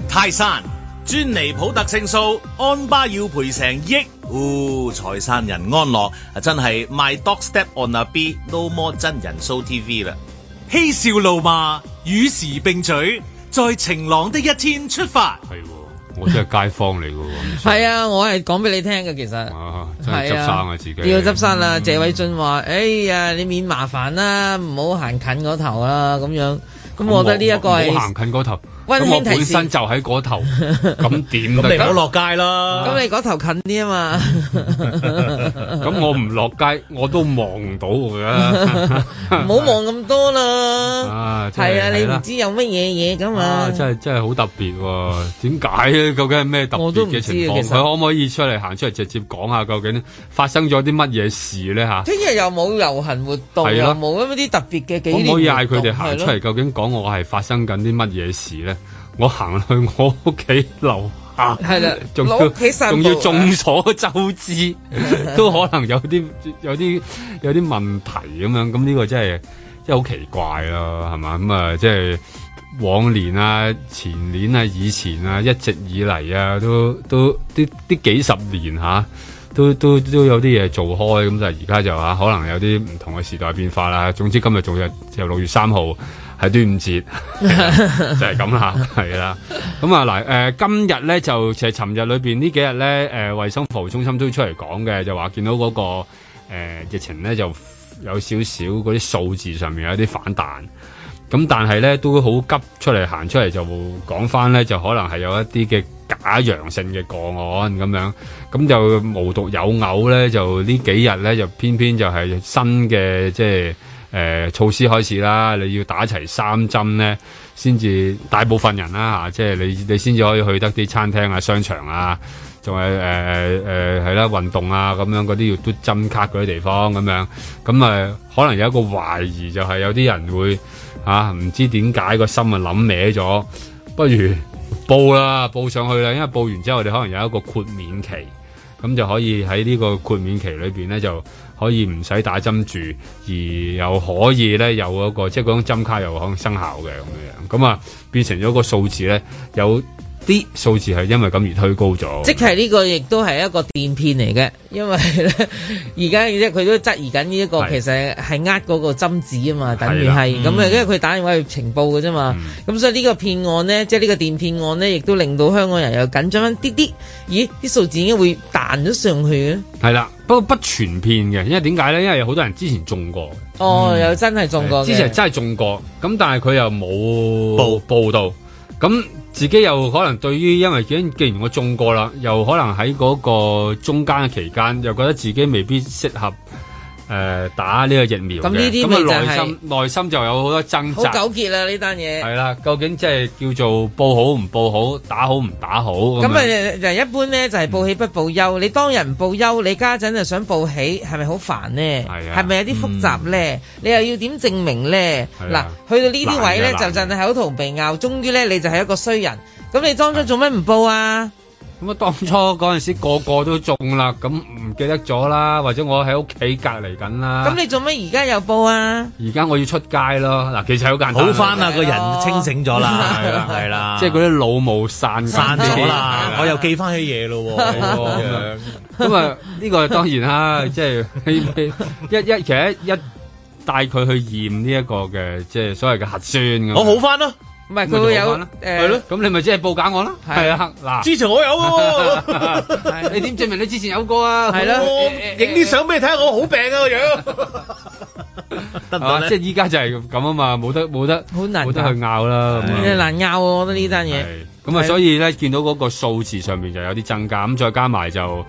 泰山，尊尼普特勝訴，安巴要賠成億，嗚、哦、財散人安樂啊！真係 My dog step on a bee，no more 真人 show TV 啦。嬉笑怒罵，與時並進，在晴朗的一天出發。 我真係街坊嚟噶喎，係 啊，我係講俾你聽嘅其實，啊，真係執生啊，啊自己，要執生啦、啊。嗯、謝偉俊話：，嗯、哎呀，你免麻煩啦、啊，唔好行近嗰頭啦、啊，咁樣。咁我，我覺得呢一個係唔好行近嗰咁我本身就喺嗰頭，咁點得？我落街啦。咁你嗰頭近啲啊嘛。咁我唔落街，我都望到嘅。唔好望咁多啦。啊，係啊，你唔知有乜嘢嘢噶嘛？真係真係好特別喎。點解咧？究竟係咩特別嘅情況？佢可唔可以出嚟行出嚟直接講下？究竟發生咗啲乜嘢事咧？吓，聽日又冇遊行活動，又冇咁啲特別嘅嘅呢？唔可以嗌佢哋行出嚟，究竟講我係發生緊啲乜嘢事咧？我行去我屋企樓下，係啦的，仲要仲要眾所周知， 都可能有啲有啲有啲問題咁樣，咁呢個真係真係好奇怪咯，係嘛？咁、嗯、啊，即係往年啊、前年啊、以前啊、一直以嚟啊，都都啲啲幾十年嚇、啊，都都都有啲嘢做開，咁就而家就嚇可能有啲唔同嘅時代變化啦。總之今日仲日就六月三號。喺端午節就係咁啦，係啦。咁啊，嗱，誒，今日咧就其實尋日裏邊呢幾日咧，誒，衛生服務中心都出嚟講嘅，就話見到嗰個誒疫情咧就有少少嗰啲數字上面有啲反彈。咁但係咧都好急出嚟行出嚟就講翻咧，就可能係有一啲嘅假陽性嘅個案咁樣。咁就無獨有偶咧，就呢幾日咧就偏偏就係新嘅即係。誒、呃、措施開始啦，你要打齊三針咧，先至大部分人啦、啊、吓、啊，即係你你先至可以去得啲餐廳啊、商場啊，仲係誒誒係啦運動啊咁樣嗰啲要嘟針卡嗰啲地方咁樣，咁誒、嗯、可能有一個懷疑就係有啲人會吓，唔、啊、知點解個心啊諗歪咗，不如報啦，報上去啦，因為報完之後你可能有一個豁免期。咁就可以喺呢個豁免期裏邊呢，就可以唔使打針住，而又可以呢，有嗰個，即係嗰種針卡又可以生效嘅咁樣，咁啊變成咗個數字呢啲數字係因為咁而推高咗，即係呢個亦都係一個電騙嚟嘅，因為咧而家即佢都質疑緊呢一個是其實係呃嗰個針紙啊嘛，等於係咁啊，的嗯、因為佢打電話去情報嘅啫嘛，咁、嗯、所以呢個騙案咧，即係呢個電騙案咧，亦都令到香港人又緊張一啲啲，咦啲數字已經會彈咗上去嘅，係啦，不過不全騙嘅，因為點解咧？因為有好多人之前中過，嗯、哦，有真係中，中過，之前真係中過，咁但係佢又冇報報導。咁自己又可能對於，因為既，既然我中過啦，又可能喺嗰個中間嘅期間，又覺得自己未必適合。誒、呃，打呢個疫苗咁呢啲咁啊，內心內心就有好多掙扎，好糾結啦，呢單嘢係啦，究竟即係叫做報好唔報好，打好唔打好？咁啊，人一般咧就係、是、報喜不報憂、嗯，你當日唔報憂，你家陣就想報喜，係咪好煩呢？係咪的有啲複雜咧？嗯、你又要點證明咧？嗱的，去到呢啲位咧，就真係口同鼻拗，終於咧你就係一個衰人，咁你當初做乜唔報啊？咁啊，當初嗰陣時個個都中啦，咁唔記得咗啦，或者我喺屋企隔離緊啦。咁你做咩而家又報啊？而家我要出街咯。嗱，其實好簡單。好翻啦，個人清醒咗啦，係啦，係啦，即係嗰啲腦霧散散咗啦。我又記翻起嘢咯，咁啊，呢個當然啦，即係一一其實一帶佢去驗呢一個嘅，即係所謂嘅核酸咁。我好翻咯。唔係佢有，係咯。咁你咪即係報假案啦？係啊，嗱，之前我有喎，你點證明你之前有過啊？係啦，影啲相俾你睇下，我好病啊個樣。得啦，即係依家就係咁啊嘛，冇得冇得好難冇得去拗啦。真係難拗我覺得呢單嘢。咁啊，所以咧見到嗰個數字上面就有啲增加，咁再加埋就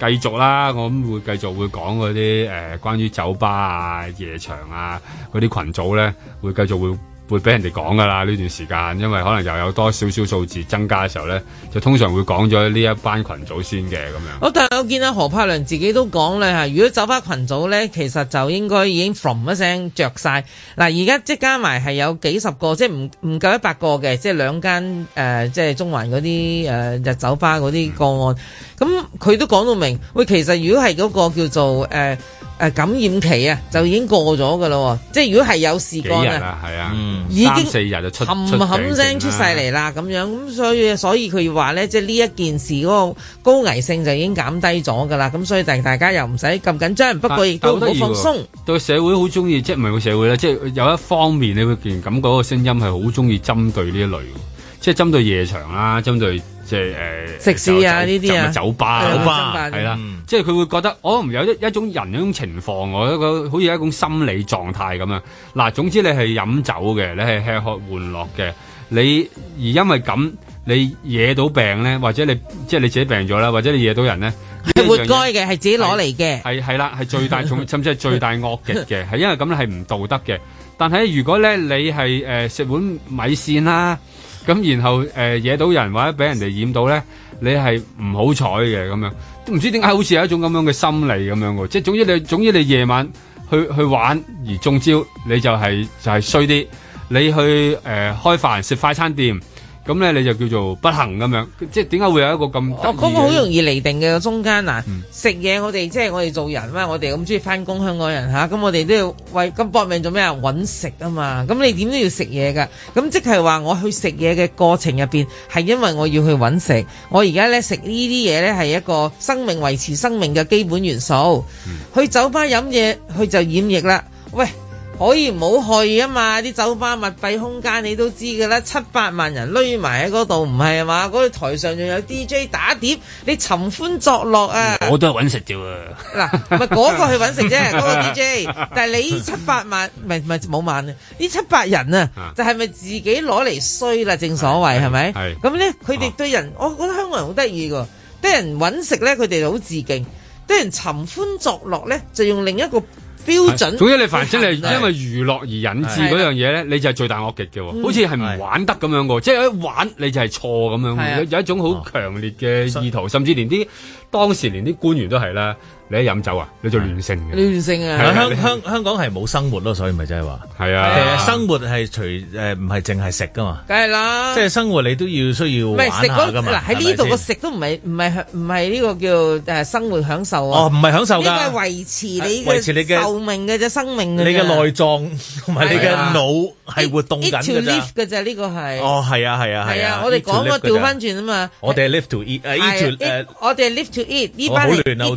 繼續啦。我諗會繼續會講嗰啲誒關於酒吧啊、夜場啊嗰啲群組咧，會繼續會。會俾人哋講㗎啦，呢段時間，因為可能又有多少少數字增加嘅時候咧，就通常會講咗呢一班群組先嘅咁樣。好，但係我見到何柏良自己都講咧嚇，「如果酒吧群組咧，其實就應該已經 from 一聲着晒。」嗱，而家即加埋係有幾十個，即係唔唔夠一百個嘅，即係兩間誒、呃，即係中環嗰啲誒日酒吧嗰啲個案。嗯咁佢都講到明，喂，其實如果係嗰個叫做誒誒、呃呃、感染期啊，就已經過咗噶啦，即係如果係有時間啊，啊，嗯、已經三四日就出喊喊聲出世嚟啦，咁樣咁、嗯，所以所以佢話咧，即係呢一件事嗰個高危性就已經減低咗噶啦，咁所以但大家又唔使咁緊張，不過亦但也都好放鬆。對社會好中意，即係唔係個社會咧？即係有一方面，你會見感覺個聲音係好中意針對呢一類，即係針對夜場啦，針對。即係誒，食肆啊呢啲啊，酒吧、酒吧係啦，即係佢會覺得，我唔有一一種人嗰種情況，我覺得好似一種心理狀態咁啊。嗱，總之你係飲酒嘅，你係吃喝玩樂嘅，你而因為咁，你惹到病咧，或者你即係你自己病咗啦，或者你惹到人咧，係活該嘅，係自己攞嚟嘅，係係啦，係最大重，甚至係最大惡極嘅，係因為咁咧係唔道德嘅。但係如果咧你係誒食碗米線啦。咁然後誒惹到人或者俾人哋染到咧，你係唔好彩嘅咁樣，都唔知點解好似有一種咁樣嘅心理咁樣喎。即係總之你總之你夜晚去去玩而中招，你就係就係衰啲。你去誒開飯食快餐店。咁咧你就叫做不幸咁樣，即係點解會有一個咁？哦，嗰個好容易嚟定嘅，中間嗱食嘢，我哋即係我哋做人啦，我哋咁中意翻工香港人吓，咁我哋都要為咁搏命做咩啊？搵食啊嘛，咁你點都要食嘢噶，咁即係話我去食嘢嘅過程入邊，係因為我要去搵食，我而家咧食呢啲嘢咧係一個生命維持生命嘅基本元素。去酒吧飲嘢，去就染疫啦喂。可以唔好去啊嘛！啲酒吧密閉空間你都知噶啦，七百萬人匿埋喺嗰度，唔係啊嘛？嗰、嗰個台上仲有 DJ 打碟，你尋歡作樂啊！我都係揾食啫喎。嗱、 啊，咪嗰個去揾食啫，嗰、嗰個 DJ。 但係你七百萬咪咪冇萬啊！呢七百人啊，啊就係咪自己攞嚟衰啦？正所謂係咪？咁咧，佢哋是對人，我覺得香港人好得意㗎。對人揾食咧，佢哋好自敬；對人尋歡作樂咧，就用另一個。標準，總之你凡係真係因為娛樂而引致嗰樣嘢咧，的你就係罪大惡極嘅喎、哦。嗯、好似係唔玩得咁樣喎，的即係一玩你就係錯咁樣。的有一種好強烈嘅意圖，哦、甚至連啲當時連啲官員都係啦。你飲酒啊？你做亂性嘅？亂性啊！香香香港係冇生活咯，所以咪就係話係啊。其實生活係除誒唔係淨係食噶嘛。梗係啦，即係生活你都要需要玩噶嘛。嗱喺呢度個食都唔係唔係唔係呢個叫誒生活享受啊。哦，唔係享受㗎，呢個係維持你維持你嘅壽命嘅啫，生命你嘅內臟同埋你嘅腦係活動緊㗎咋。哦，係啊，係啊，係啊，我哋講個調翻轉啊嘛。我哋 live to eat，誒 eat 我哋 live to eat。呢班好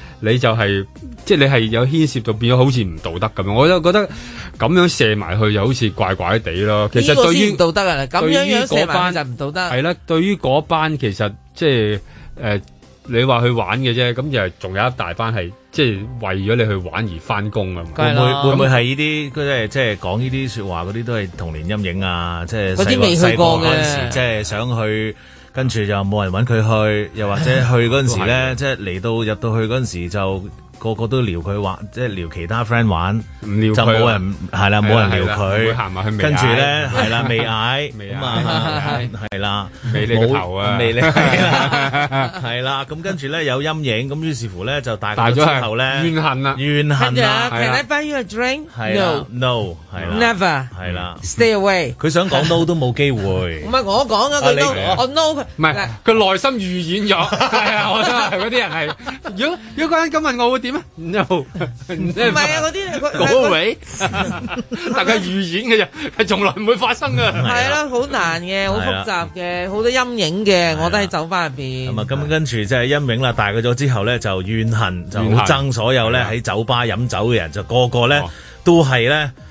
你就係，是，即係你係有牽涉到變咗好似唔道德咁，我就覺得咁樣射埋去又好似怪怪地咯。其實對於道德啊對於，對於嗰班就唔道德。係啦，對於嗰班其實即係誒，呃，你話去玩嘅啫，咁又係仲有一大班係即係為咗你去玩而翻工啊。會唔會，會唔會係呢啲即係、即係講呢啲説話嗰啲都係童年陰影啊？即係嗰啲未去過嗰陣時，即係想去。跟住就冇人揾佢去，又或者去嗰陣時咧， 的即係嚟到入到去嗰陣時就。個個都撩佢玩，即係撩其他 friend 玩，唔撩就冇人係啦，冇人撩佢。跟住咧，係啦，未嗌，未嗌，係啦，未力球啊，未力係啦，係啦，咁跟住咧有陰影，咁於是乎咧就大咗之後咧怨恨啊，怨恨啊。Can I buy you a drink? No, no，係啦，never，係啦，stay away。佢想講都都冇機會。唔係我講噶，佢都，oh no，唔係，佢內心預演咗。係啊，我真係嗰啲人係。如果如果嗰人咁問我會點？唔係 No. 發啊，嗰啲係講大家預演嘅就係從來唔會發生嘅。係咯、 啊，好難嘅，好複雜嘅，啊、好多陰影嘅，啊、我都喺酒吧入邊。咁啊，咁跟住即係陰影啦，大個咗之後咧就怨恨，啊、就好憎所有咧喺酒吧飲酒嘅人，就個個咧、嗯、都係咧。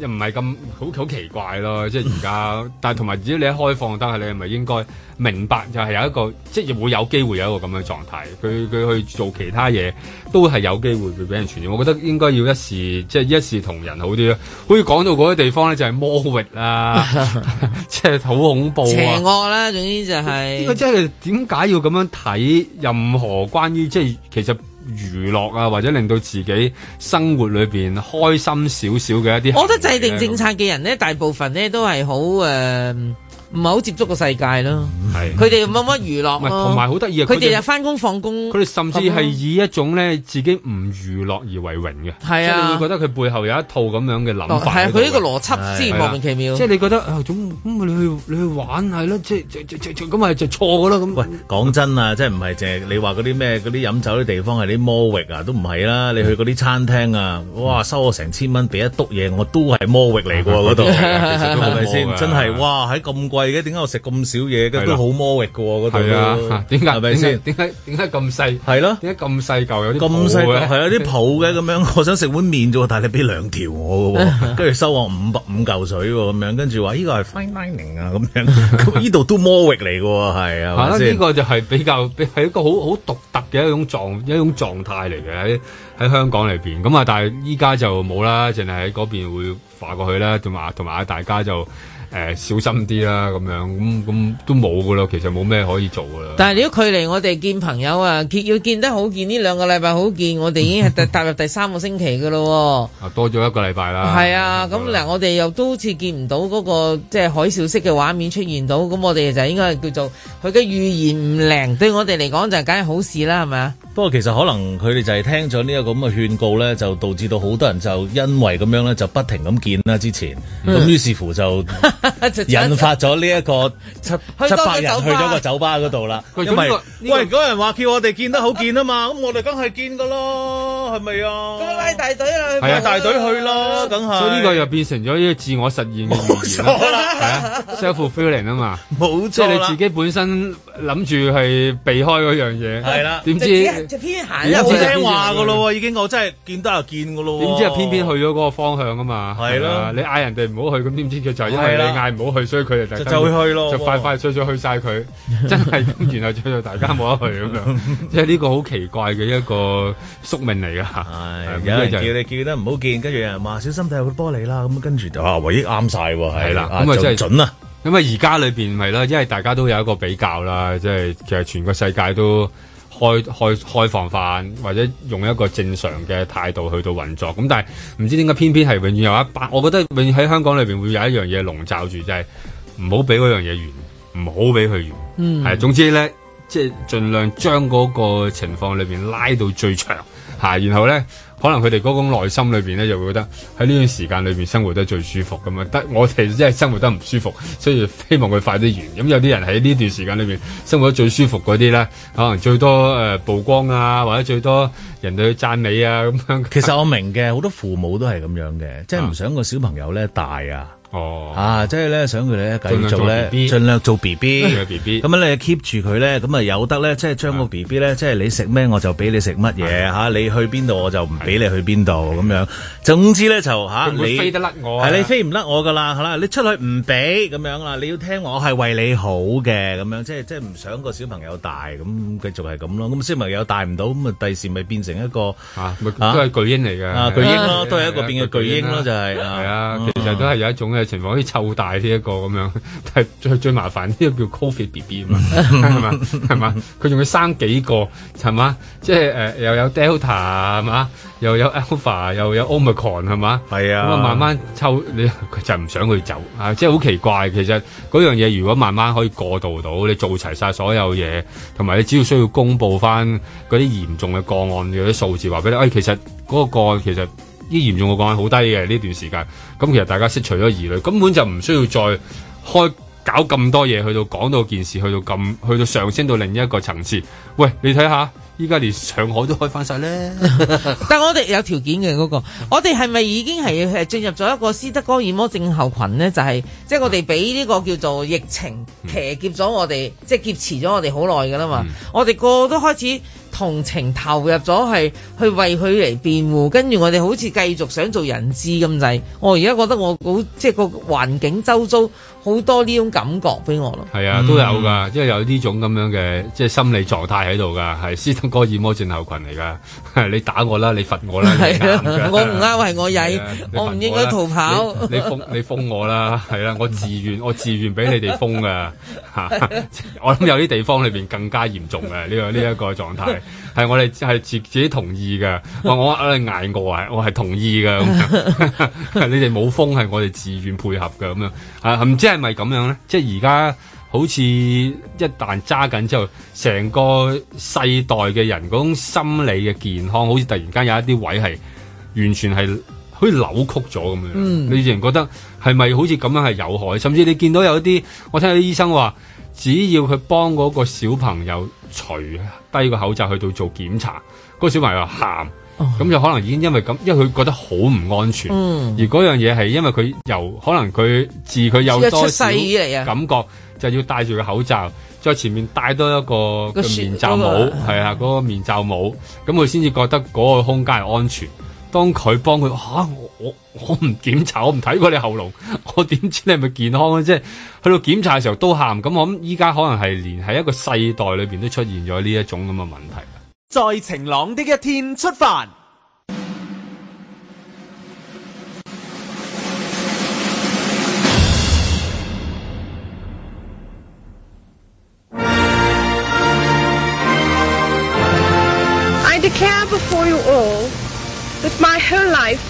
又唔係咁好好奇怪咯，即係而家，但係同埋只要你一開放得，你係咪應該明白就係有一個，即係會有機會有一個咁嘅狀態。佢佢去做其他嘢，都係有機會會俾人傳染。我覺得應該要一視即係一視同仁好啲咯。好似講到嗰啲地方咧，就係魔域啊，即係好恐怖啊，邪惡啦，總之就係，呢個真係點解要咁樣睇任何關於即係其實？娛樂啊，或者令到自己生活裏邊開心少少嘅一啲。我覺得制定政策嘅人呢，大部分呢都係好誒。Uh 唔係好接觸個世界咯，佢哋冇乜娛樂咯。唔係同埋好得意啊！佢哋又翻工放工。佢哋甚至係以一種咧自己唔娛樂而為榮嘅。係啊，即係會覺得佢背後有一套咁樣嘅諗法。係啊，佢呢個邏輯先莫名其妙。即係你覺得啊，總咁你去你去玩係咯，即係即即即咁咪就錯㗎喇咁。喂，講真啊，即係唔係淨係你話嗰啲咩嗰啲飲酒啲地方係啲魔域啊？都唔係啦。你去嗰啲餐廳啊，哇收我成千蚊俾一篤嘢，我都係魔域嚟㗎喎嗰度，係咪先？真係哇喺咁貴。而家，點解我食咁少嘢？跟住都好魔域嘅喎，嗰度。係啊，點解？係咪先？點解？點解咁細？係咯，點解咁細嚿？有啲咁細嚿，係啊，啲泡嘅咁樣。我想食碗麵啫，但係你俾兩條我嘅，跟住收我五百五嚿水咁樣，跟住話呢個係 fine dining 啊，咁樣咁呢度都魔域嚟嘅，係啊。係啊，呢個就係比較，係一個好好獨特嘅一種狀一種狀態嚟嘅喺喺香港裏邊。咁啊，但係依家就冇啦，淨係喺嗰邊會發過去啦，同埋同埋大家就。誒、呃，小心啲啦，咁樣咁咁都冇噶啦，其實冇咩可以做噶啦。但係如果距離我哋見朋友啊，見要見得好見呢兩個禮拜好見，我哋已經係踏入第三個星期噶咯，哦。 啊，多咗一個禮拜啦。係啊，咁嗱，我哋又都好似見唔到嗰個即係海嘯式嘅畫面出現到，咁我哋就應該係叫做佢嘅預言唔靈，對我哋嚟講就係梗係好事啦，係咪啊？不過其實可能佢哋就係聽咗呢一個咁嘅勸告咧，就導致到好多人就因為咁樣咧，就不停咁見啦。之前咁於是乎就引發咗呢一個七七八人去咗個酒吧嗰度啦。因為喂嗰人話叫我哋見得好見啊嘛，咁我哋梗係見㗎咯，係咪啊？咁拉大隊啦，大隊去咯，梗係。所以呢個又變成咗呢個自我實現嘅預言啦，self-fulfilling 啊嘛，冇，即係你自己本身諗住係避開嗰樣嘢，係啦，點知？就偏行，又好聽話噶咯，已經我真係見得又見噶咯。點知係，偏偏去咗嗰個方向啊嘛？係咯，你嗌人哋唔好去，咁點知佢就因為你嗌唔好去，所以佢就就去咯，就快快脆脆去晒佢，真係，然後最後大家冇得去咁樣，即係呢個好奇怪嘅一個宿命嚟噶。係有人叫你叫得唔好見，跟住有人話小心睇下個玻璃啦，咁跟住就啊，唯一啱晒係啦，咁啊真係準啊。因為而家裏邊咪咯，因為大家都有一個比較啦，即係其實全個世界都。開開開放化或者用一個正常嘅態度去到運作，咁、嗯、但係唔知點解偏偏係永遠有一百。我覺得永遠喺香港裏邊會有一樣嘢籠罩住，就係唔好俾嗰樣嘢完，唔好俾佢完，係、嗯、總之咧，即、就、係、是、盡量將嗰個情況裏邊拉到最長嚇，然後咧。可能佢哋嗰種內心裏邊咧，就會覺得喺呢段時間裏邊生活得最舒服咁樣。得我哋真係生活得唔舒服，所以希望佢快啲完。咁、嗯、有啲人喺呢段時間裏邊生活得最舒服嗰啲咧，可能最多誒、呃、曝光啊，或者最多人哋去讚美啊咁樣。其實我明嘅，好多父母都係咁樣嘅，即係唔想個小朋友咧大啊。哦，啊，即係咧，想佢哋咧繼續咧，盡量做 B B，盡量做 B B，咁樣你 keep 住佢咧，咁啊有得咧，即係將個 B B 咧，即係你食咩我就俾你食乜嘢吓，你去邊度我就唔俾你去邊度咁樣。總之咧就吓你飛得甩我，係你飛唔甩我噶啦，係啦，你出去唔俾咁樣啦，你要聽我係為你好嘅，咁樣即係即係唔想個小朋友大咁繼續係咁咯。咁小朋友大唔到咁啊，第時咪變成一個吓，都係巨嬰嚟嘅，巨嬰咯，都係一個變嘅巨嬰咯，就係係啊，其實都係有一種嘅。情況可以湊大呢一個咁樣，但係最最麻煩啲叫 COVID BB 嘛，係嘛，係嘛，佢仲要生幾個係嘛？即係誒又有 Delta 係嘛，又有 Alpha 又有，又有 Omicron 係嘛？係啊，咁啊慢慢湊你佢就唔想佢走啊，即係好奇怪。其實嗰樣嘢如果慢慢可以過渡到，你做齊晒所有嘢，同埋你只要需要公布翻嗰啲嚴重嘅個案嘅啲數字，話俾你，哎，其實嗰個個案其實。啲嚴重嘅個案係好低嘅呢段時間，咁、嗯、其實大家釋除咗疑慮，根本就唔需要再開搞咁多嘢，去到講到件事，去到咁，去到上升到另一個層次。喂，你睇下，依家連上海都開翻晒咧。 但係我哋有條件嘅嗰、那個，我哋係咪已經係係進入咗一個斯德哥爾摩症候群呢？就係即係我哋俾呢個叫做疫情騎劫咗我哋，嗯、即係劫持咗我哋好耐㗎啦嘛。嗯、我哋個個都開始，同情投入咗，係去為佢嚟辯護，跟住我哋好似繼續想做人質咁滯。我而家覺得我好，即係、個環境周遭好多呢種感覺俾我咯。係啊，都有噶、嗯，即係有呢種咁樣嘅即係心理狀態喺度噶，係斯德哥爾摩症候群嚟噶、哎。你打我啦，你罰我啦，啊、我唔啱係我曳，啊、我唔應該逃跑。你， 你封你封我啦，係啦、啊，我自願我自願俾你哋封噶、啊。我諗有啲地方裏邊更加嚴重嘅呢、呢個呢一、呢個呢個狀態。係我哋係自自己同意嘅，話 我我哋捱餓啊，我係同意嘅。 你哋冇封，係我哋自願配合嘅咁樣。啊，唔知係咪咁樣咧？即係而家好似一旦揸緊之後，成個世代嘅人嗰種心理嘅健康，好似突然間有一啲位係完全係好似扭曲咗咁樣。嗯，你自然覺得係咪好似咁樣係有害？甚至你見到有啲，我聽啲醫生話，只要佢幫嗰個小朋友。除低個口罩去到做檢查，嗰、那個小朋友喊，咁、哦、就可能已經因為咁，因為佢覺得好唔安全。嗯、而嗰樣嘢係因為佢由可能佢自佢有多少嘅感覺，就要戴住個口罩，再前面戴多一個一個面罩帽，係、嗯、啊、嗰、那個面罩帽，咁佢先至覺得嗰個空間係安全。當佢幫佢嚇我我唔檢查，我唔睇過你喉嚨，我點知你係咪健康咧？即係去到檢查嘅時候都喊，咁我諗依家可能係連喺一個世代裏邊都出現咗呢一種咁嘅問題。在晴朗的一天出發。I declare before you all that my whole life.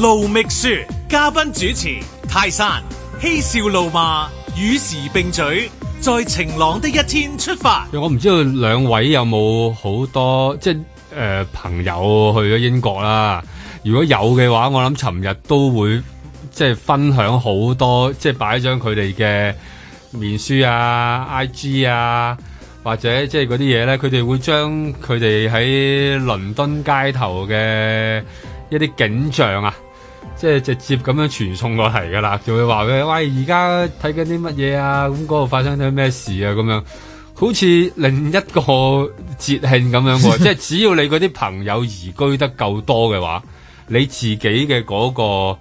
盧覓雪，嘉賓主持泰山，嬉笑怒罵，與時並舉。在晴朗的一天出發。我唔知道兩位有冇好多即係誒、呃、朋友去咗英國啦、啊。如果有嘅話，我諗尋日都會即係分享好多，即係擺張佢哋嘅面書啊、I G 啊，或者即係嗰啲嘢咧。佢哋會將佢哋喺倫敦街頭嘅一啲景象啊。即係直接咁樣傳送過嚟㗎啦，就會話佢，喂，而家睇緊啲乜嘢啊？咁嗰度發生咗咩事啊？咁樣好似另一個節慶咁樣喎。 即係只要你嗰啲朋友移居得夠多嘅話，你自己嘅嗰個。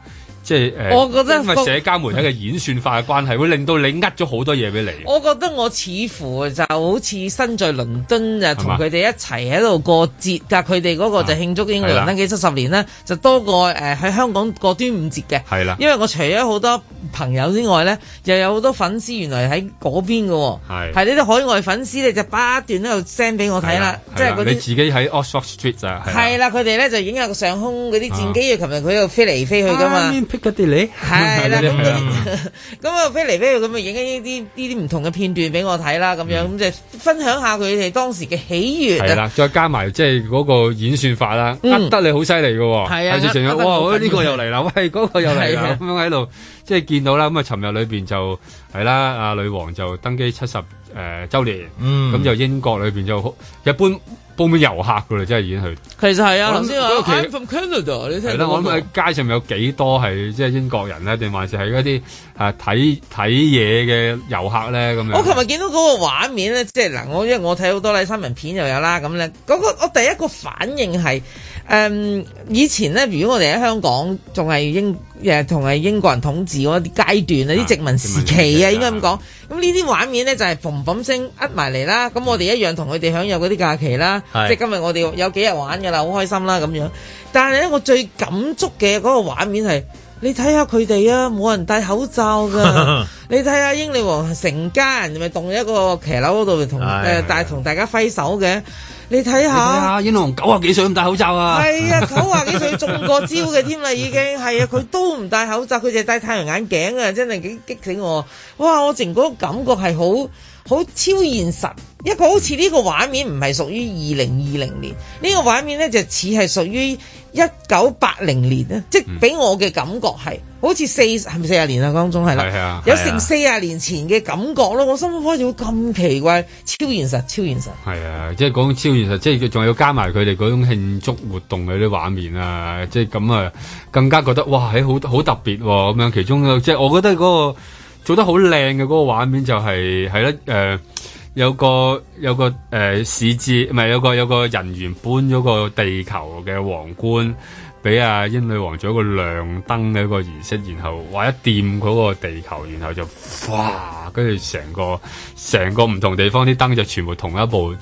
即係誒，因為社交媒體嘅演算法嘅關係，會令到你呃咗好多嘢俾你。我覺得我似乎就好似身在倫敦，就同佢哋一齊喺度過節㗎。佢哋嗰個就慶祝英倫登基七十年啦，就多過誒喺香港過端午節嘅。係啦，因為我除咗好多朋友之外咧，又有好多粉絲原來喺嗰邊嘅喎，係呢啲海外粉絲咧就不斷喺度 send 俾我睇啦，即係嗰啲你自己喺 Oxford Street 咋係啦，佢哋咧就影有個上空嗰啲戰機，要琴日佢喺度飛嚟飛去㗎嘛。嘅啲你係啦咁，咁啊飛嚟飛去咁啊影一啲呢啲唔同嘅片段俾我睇啦，咁樣咁就分享下佢哋當時嘅喜悅。係啦，再加埋即係嗰個演算法啦，得你好犀利㗎。係啊，仲有哇，呢個又嚟啦，喂，嗰個又嚟啦，咁樣喺度，即係見到啦。咁啊，尋日裏邊就係啦，阿女王就登基七十誒周年，咁就英國裏邊就一般，報名遊客㗎啦，真係已經去。其實係啊，頭先話啊，I'm from Canada，的你聽。係啦，我諗喺街上面有幾多係即係英國人咧，定還是係一啲誒睇睇嘢嘅遊客咧咁樣。我琴日見到嗰個畫面咧，即係嗱，我因為我睇好多啲新聞片又有啦，咁咧嗰個我第一個反應係。誒、嗯、以前咧，如果我哋喺香港仲係英誒同係英國人統治嗰啲階段啊，啲殖民時期啊，應該咁講。咁呢啲畫面咧就係馴馴聲扼埋嚟啦。咁我哋一樣同佢哋享有嗰啲假期啦。嗯、即係今日我哋有幾日玩㗎啦，好開心啦咁樣。但係咧，我最感觸嘅嗰個畫面係你睇下佢哋啊，冇人戴口罩㗎。 你睇下英女王成家人咪棟喺一個騎樓嗰度同誒大同大家揮手嘅。 你睇下，英雄九十幾歲咁戴口罩啊？係啊，九十幾歲中過招嘅添啦， 已經係啊，佢都唔戴口罩，佢淨係戴太陽眼鏡啊！真係幾激死我，哇！我成個感覺係好好超現實。一個好似呢個畫面唔係屬於二零二零年，呢、呢個畫面咧就似係屬於一九八零年啊！即係俾我嘅感覺係好似四係咪四十年啊？當中係啦，啊、有成四十年前嘅感覺咯。啊、我心諗開始會咁奇怪，超現實，超現實。係啊，即係講超現實，即係仲要加埋佢哋嗰種慶祝活動嗰啲畫面啊！即係咁啊，更加覺得哇，係、欸、好好特別咁樣。其中嘅即係我覺得嗰、嗰個做得好靚嘅嗰個畫面就係係啦誒。有個有個誒、呃、史志，唔係有個有個人員搬咗個地球嘅皇冠俾阿、啊、英女王做一個亮燈嘅一個儀式，然後哇，一掂嗰個地球，然後就嘩，跟住成個成個唔同地方啲燈就全部同一部，即、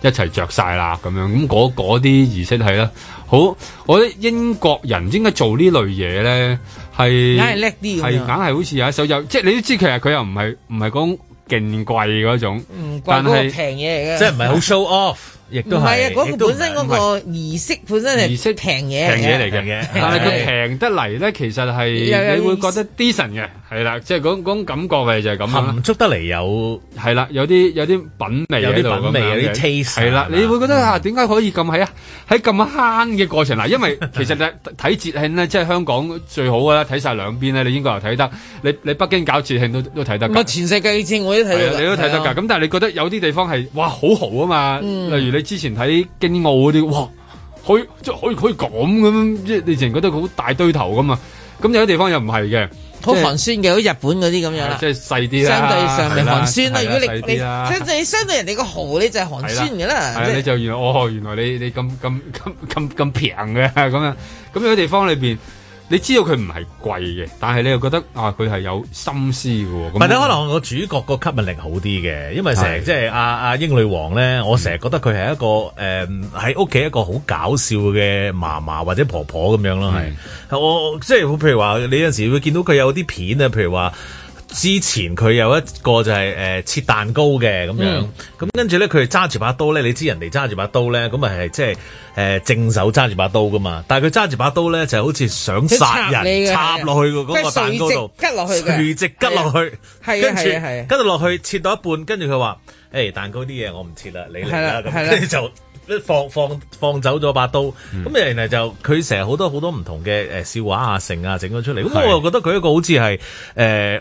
就、係、是、一齊着晒啦，咁樣。咁嗰啲儀式係啦，好，我覺得英國人應該做類呢類嘢咧，係梗係叻啲，係梗係好似有一手有，即係你都知，其實佢又唔係唔係講。勁貴嗰種，但係平嘢嚟嘅，即係唔係好 show off。亦唔係啊！嗰本身嗰個儀式本身儀式平嘢，平嘢嚟嘅。嘢。但係佢平得嚟咧，其實係你會覺得 decent 嘅，係啦，即係嗰種感覺咪就係咁啦。濃得嚟有係啦，有啲有啲品味，有啲品味，有啲 taste。係啦，你會覺得啊，點解可以咁喺啊？喺咁慳嘅過程嗱，因為其實睇節慶咧，即係香港最好㗎啦，睇晒兩邊咧，你應該又睇得。你你北京搞節慶都都睇得。咪全世界節慶我都睇。係你都睇得㗎。咁但係你覺得有啲地方係哇好豪啊嘛？例如你。之前睇京奧嗰啲，哇，可以即係可以可以咁咁，即係你以前覺得好大堆頭噶嘛，咁有啲地方又唔係嘅，好寒酸嘅，好、即係、日本嗰啲咁樣、即係、啦，即係細啲啦，相對上未寒酸啦，的如果你你相對相對人哋個河咧就係寒酸嘅啦，你就原來哦，原來你你咁咁咁咁咁平嘅咁樣，咁有啲地方裏邊。你知道佢唔係貴嘅，但係你又覺得啊，佢係有心思嘅。唔係咧，可能個主角個吸引力好啲嘅，因為成日即係阿阿英女王咧，我成日覺得佢係一個誒喺屋企一個好搞笑嘅嫲嫲或者婆婆咁樣咯，係是的 我即係譬如話你有陣時會見到佢有啲片啊，譬如話。之前佢有一個就係、是、誒、呃、切蛋糕嘅咁樣，咁、嗯、跟住咧佢係揸住把刀咧，你知人哋揸住把刀咧，咁咪係即係誒正手揸住把刀噶嘛，但係佢揸住把刀咧就好似想殺人插落去嗰個蛋糕度，吉落去、去，垂直吉落去，跟住吉到落去切到一半，跟住佢話誒蛋糕啲嘢我唔切啦，你嚟啦咁，跟住就。 放放放走咗把刀，咁然後就佢成日好多好多唔同嘅誒笑話啊、成啊整咗出嚟，咁是我又覺得佢一個好似係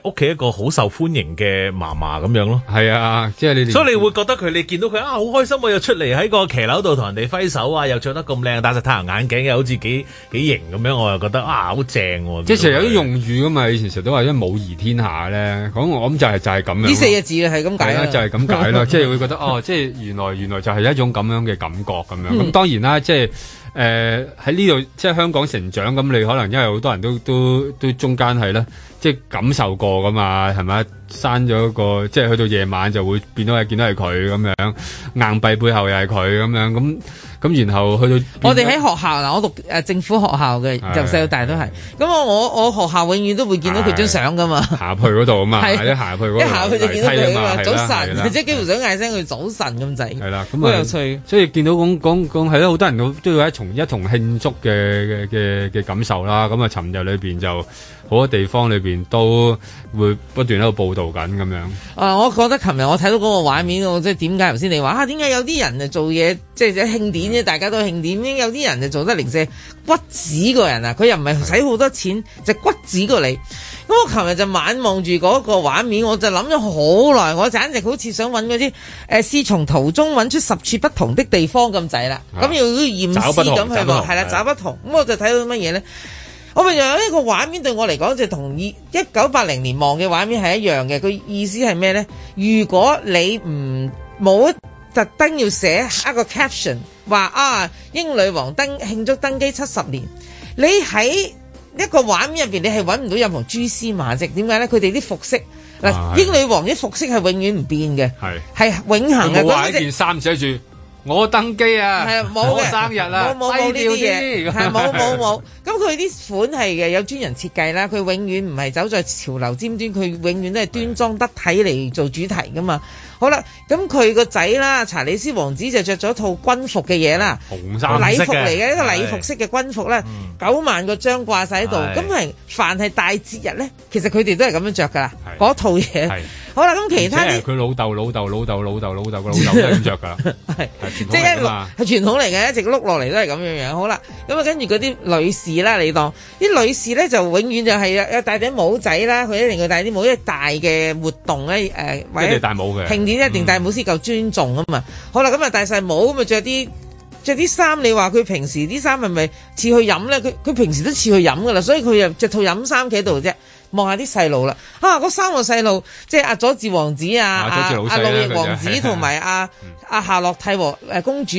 誒屋企一個好受歡迎嘅嫲嫲咁樣咯。係啊，即係你。所以你會覺得佢，你見到佢啊，好開心啊，又出嚟喺個騎樓度同人哋揮手啊，又著得咁靚，戴曬太陽眼鏡又好似幾幾型咁樣，我又覺得啊，好正喎。即係成日有啲用語噶嘛，以前成日都話啲母儀天下咧，咁我諗就係就係咁樣。呢四個字係咁解啊，就係咁解啦，即係 會覺得哦，即係原來原來就係一種咁樣嘅感覺。 感覺咁樣咁，嗯、當然啦，即係誒喺呢度即係香港成長咁，你可能因為好多人都都都中間係啦。即係感受過噶嘛，係咪？生咗個，即係去到夜晚就會變到係見到係佢咁樣，硬幣背後又係佢咁樣，咁咁然後去到我哋喺學校嗱，我讀誒政府學校嘅，由細到大都係，咁我我我學校永遠都會見到佢張相噶嘛。行去嗰度啊嘛，係呀，行去嗰度，一下去就見到佢啊嘛，早晨，即係幾乎想嗌聲佢早晨咁滯。係啦，咁啊有趣，所以見到講講講係咯，好多人都都一同一同慶祝嘅嘅嘅嘅感受啦。咁啊，尋日裏邊就。好多地方裏邊都會不斷喺度報道緊咁樣。啊，我覺得琴日我睇到嗰個畫面，我即係點解？頭先你話啊，點解有啲人就做嘢，即係喺慶典啫，大家都慶典，有啲人就做得零舍骨子個人啊，佢又唔係使好多錢，就是、骨子過嚟。咁的我琴日就猛望住嗰個畫面，我就諗咗好耐，我簡直好似想搵嗰啲誒，試、呃、從途中搵出十處不同的地方咁仔啦。咁要驗屍咁去，係啦、啊，找不同。咁我就睇到乜嘢咧？.我咪有呢個畫面對我嚟講，就同二一九八零年望嘅畫面係一樣嘅，佢意思係咩呢？如果你唔冇特登要寫一個 caption 話啊，英女王登慶祝登基七十年，你喺一個畫面入邊你係揾唔到任何蛛絲馬迹，點解呢？佢哋啲服飾嗱，啊、英女王啲服飾係永遠唔變嘅，係是永恒嘅嗰啲。件衫寫住。我登基啊！係冇嘅生日啦，冇冇冇呢啲嘢，係冇冇冇。咁佢啲款係嘅，有專人設計啦。佢永遠唔係走在潮流尖端，佢永遠都係端莊得體嚟做主題噶嘛。好啦，咁佢個仔啦，查理斯王子就着咗套軍服嘅嘢啦，禮服嚟嘅一個禮服式嘅軍服啦，九萬個章掛晒喺度。咁係，凡係大節日咧，其實佢哋都係咁樣着噶啦，嗰套嘢。好啦，咁其他啲佢老豆老豆老豆老豆老豆嘅老豆都咁着噶啦，係係傳統嚟噶嘛，係傳統嚟嘅，一直碌落嚟都係咁樣樣。好啦，咁啊跟住嗰啲女士啦，你當啲女士咧就永遠就係啊戴頂帽仔啦，佢一定要戴啲帽，因為大嘅活動咧誒，平時戴帽嘅，慶典一定戴帽先夠、呃、尊重啊嘛。嗯、好啦，咁啊戴晒帽咁啊着啲着啲衫，你話佢平時啲衫係咪似去飲咧？佢佢平時都似去飲噶啦，所以佢又着套飲衫企喺度啫。望下啲細路啦，啊，嗰三個細路，即係阿、啊、佐治王子啊，阿路易王子同埋阿阿夏洛蒂王誒、啊、公主，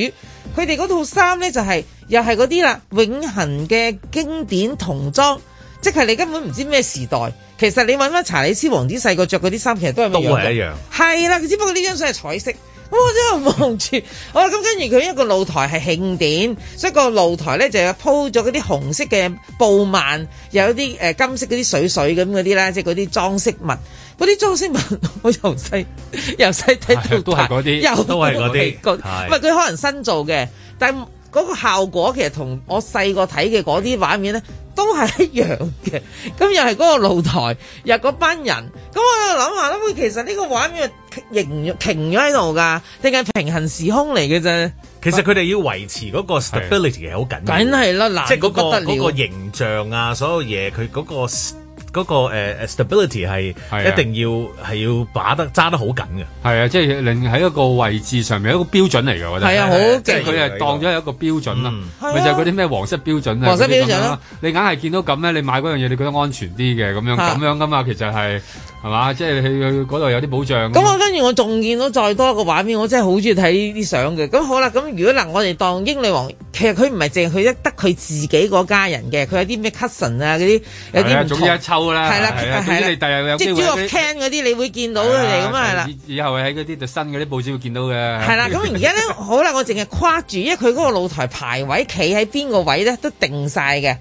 佢哋嗰套衫咧就係、是、又係嗰啲啦，永恆嘅經典童裝，即係你根本唔知咩時代，其實你揾翻查理斯王子細個着嗰啲衫，其實都係一樣，係啦，佢只不過呢張相係彩色。咁我真係望住，我話咁，跟住佢一個露台係慶典，所以個露台咧就有鋪咗嗰啲紅色嘅布幔，又有啲誒金色嗰啲水水咁嗰啲啦，即係嗰啲裝飾物。嗰啲裝飾物我由細由細睇到都係嗰啲，都係嗰啲。唔係佢可能新做嘅，但係。嗰個效果其實同我細個睇嘅嗰啲畫面咧都係一樣嘅，咁、嗯、又係嗰個露台，又係嗰班人，咁、嗯、我諗下啦，會其實呢個畫面停停咗喺度㗎，定係平行時空嚟嘅啫？其實佢哋要維持嗰個 stability 係好緊但緊係啦，即係、那、嗰個嗰、嗰個形象啊，所有嘢佢嗰嗰、那個誒、uh, stability 係一定要係、啊、要把得揸得好緊嘅，係啊，即係令喺一個位置上面一個標準嚟嘅，我覺得係啊，好勁，即係佢係當咗有一個標準啦，咪、嗯啊、就係嗰啲咩黃色標準啊，黃色標準啊，咁樣，你硬係見到咁咧，你買嗰樣嘢你覺得安全啲嘅咁樣，咁、啊、樣噶嘛，其實係。係嘛？即係去去嗰度有啲保障。咁我跟住我仲見到再多一個畫面，我真係好中意睇呢啲相嘅。咁好啦，咁如果能我哋當英女王，其實佢唔係淨係佢一得佢自己嗰家人嘅，佢有啲咩 cousin 啊嗰啲，些有啲唔同。總之一抽啦。係啦的，你第日即主要 c a 嗰啲，你會見到佢哋咁啊啦。以後喺嗰啲新嗰啲報紙會見到嘅。係啦，咁而家咧，好啦， 我淨係跨住，因為佢嗰個露台排位，企喺邊個位咧都定晒嘅。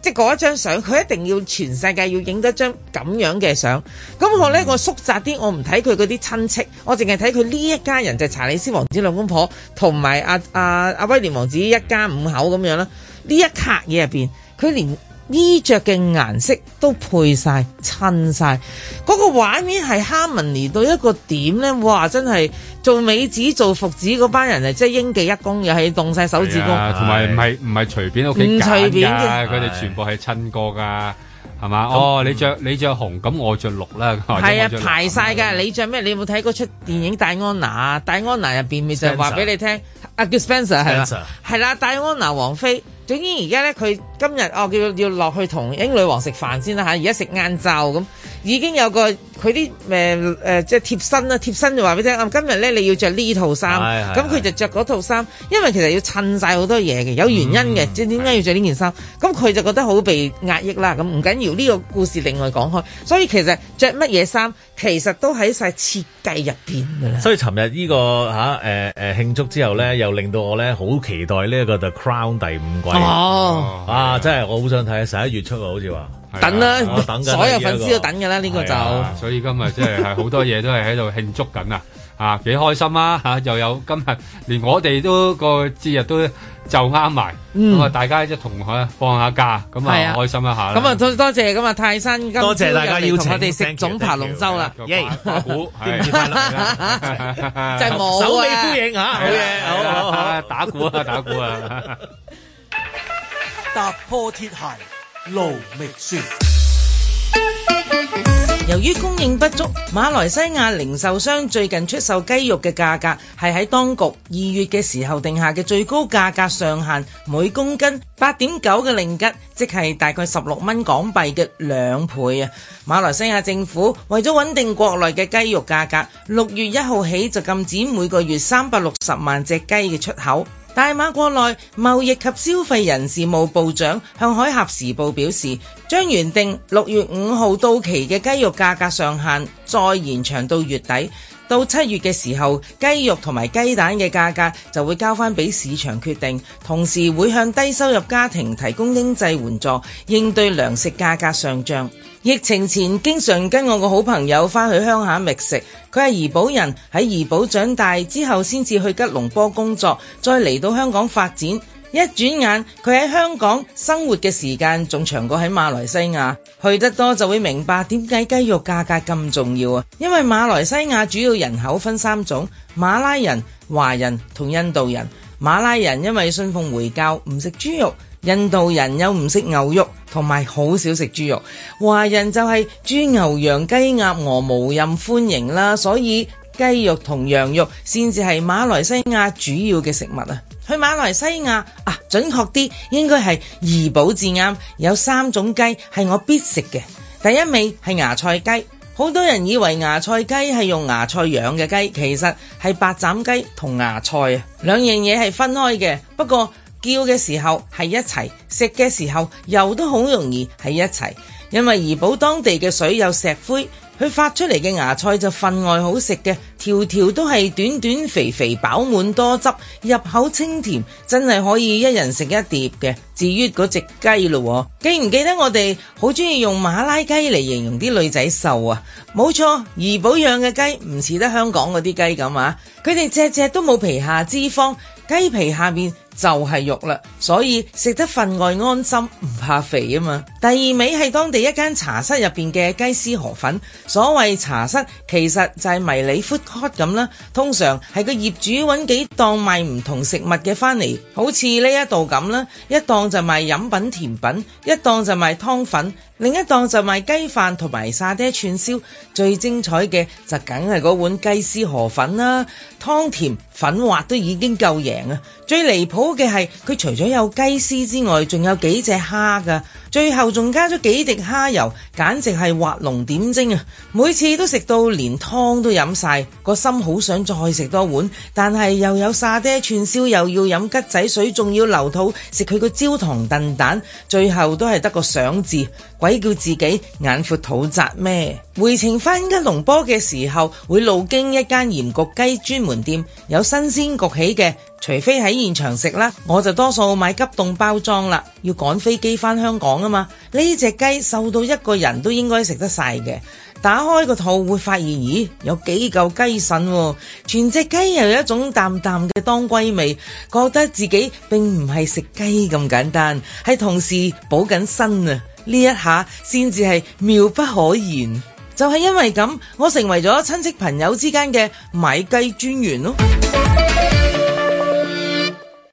即係嗰一張相，佢一定要全世界要影得張咁樣嘅相。咁我呢，嗯、我縮窄啲，我唔睇佢嗰啲親戚，我淨係睇佢呢一家人就、查理斯王子兩公婆同埋阿阿威廉王子一家五口咁樣啦。呢一卡嘢入邊，佢連，衣着嘅顏色都配晒襯晒。嗰、那個畫面係哈文嚟到一個點咧，哇！真係做美子做服子嗰班人嚟，即係英記一公又係動晒手指公，同埋唔係唔係隨便屋企揀㗎，佢哋全部係襯過㗎，係嘛？啊、哦，你着你著紅，咁我着綠啦。係啊，排晒㗎！樣你着咩？你有冇睇嗰出電影《戴安娜》？戴、啊、安娜入邊咪就話俾你聽，阿、啊、叫 Spencer 係啦，係啦，戴、啊啊、安娜王妃。總之而家咧，佢今日哦，叫要落去同英女王食飯先啦嚇，而家食晏晝咁。已經有個佢啲誒誒，即係貼身啊，貼身就話俾你聽，我、嗯、今日咧你要着呢套衫，咁佢就着嗰套衫，因為其實要襯晒好多嘢嘅，有原因嘅，即係點解要着呢件衫，咁佢、嗯、就覺得好被壓抑啦，咁唔緊要呢個故事另外講開，所以其實着乜嘢衫其實都喺晒設計入邊嘅啦。所以尋日呢、呢個吓，誒、啊、誒、呃、慶祝之後咧，又令到我咧好期待呢一個 The Crown 第五季，哇、哦啊！真係我好想睇下，十一月出啊，好似話。等啦，所有粉絲都等㗎啦，呢個就所以今日即係好多嘢都係喺度慶祝緊啊！啊，幾開心啊！吓又有今日，連我哋都個節日都就啱埋，咁啊，大家即係同學放下假，咁啊開心一下啦！咁啊，多謝咁啊，泰山今日同我哋食總爬龍舟啦！耶，鼓，接唔接？就冇啊！好嘢，好打鼓啊，打鼓啊！踏破鐵鞋。路未算。由於供應不足，馬來西亞零售商最近出售雞肉嘅價格係喺當局二月嘅時候定下嘅最高價格上限，每公斤八點九嘅令吉，即係大概十六蚊港幣嘅兩倍啊！馬來西亞政府為咗穩定國內嘅雞肉價格，六月一號起就禁止每個月三百六十萬隻雞嘅出口。大馬國內貿易及消費人事務部長向《海峽時報》表示，將原定六月五號到期嘅雞肉價格上限再延長到月底，到七月嘅時候，雞肉同埋雞蛋嘅價格就會交翻俾市場決定，同時會向低收入家庭提供經濟援助，應對糧食價格上漲。疫情前經常跟我個好朋友返去鄉下覓食，佢係怡保人，喺怡保長大之後先至去吉隆坡工作，再嚟到香港發展。一轉眼佢喺香港生活嘅時間仲長過喺馬來西亞，去得多就會明白點解雞肉價格咁重要啊！因為馬來西亞主要人口分三種：馬拉人、華人同印度人。馬拉人因為信奉回教，唔食豬肉。印度人又唔食牛肉，同埋好少食豬肉。華人就係豬、牛、羊、雞、鴨、鵝無任歡迎啦，所以雞肉同羊肉先至係馬來西亞主要嘅食物啊。去馬來西亞啊，準確啲應該係怡保至啱，有三種雞係我必食嘅。第一味係芽菜雞，好多人以為芽菜雞係用芽菜養嘅雞，其實係白斬雞同芽菜啊，兩樣嘢係分開嘅。不過，叫嘅時候係一齊，食嘅時候又都好容易係一齊，因為怡保當地嘅水有石灰，佢發出嚟嘅芽菜就分外好食嘅，條條都係短短肥肥飽滿多汁，入口清甜，真係可以一人食一碟嘅。至於嗰隻雞咯，記唔記得我哋好中意用馬拉雞嚟形容啲女仔瘦啊？冇錯，怡保養嘅雞唔似得香港嗰啲雞咁啊，佢哋隻隻都冇皮下脂肪，雞皮下面……就係肉啦，所以食得份外安心，唔怕肥啊嘛。第二味係當地一間茶室入邊嘅雞絲河粉。所謂茶室其實就係迷你 food court 咁啦。通常係個業主揾幾檔賣唔同食物嘅翻嚟，好似呢一度咁啦。一檔就賣飲品甜品，一檔就賣湯粉，另一檔就賣雞飯同埋沙爹串燒。最精彩嘅就梗係嗰碗雞絲河粉啦，湯甜粉滑都已經夠贏啊！最離譜嘅係佢除咗有雞絲之外，仲有幾隻蝦噶。最後仲加咗幾滴蝦油，簡直係畫龍點睛啊！每次都食到連湯都飲晒，個心好想再食多碗，但係又有沙爹串燒，又要飲桔仔水，仲要留肚食佢個焦糖燉蛋，最後都係得個想字，鬼叫自己眼闊肚窄咩？回程翻吉隆坡嘅時候，會路經一間鹽焗雞專門店，有新鮮焗起嘅，除非喺現場食啦，我就多數買急凍包裝啦，要趕飛機返香港。啊嘛，呢隻雞瘦到一個人都應該食得晒嘅。打開個肚會發現，咦，有幾嚿雞腎，哦，全隻雞又有一種淡淡嘅當歸味，覺得自己並唔係食雞咁簡單，係同時補緊身啊！呢一下先至係妙不可言，就係、係、因為咁，我成為咗親戚朋友之間嘅買雞專員咯。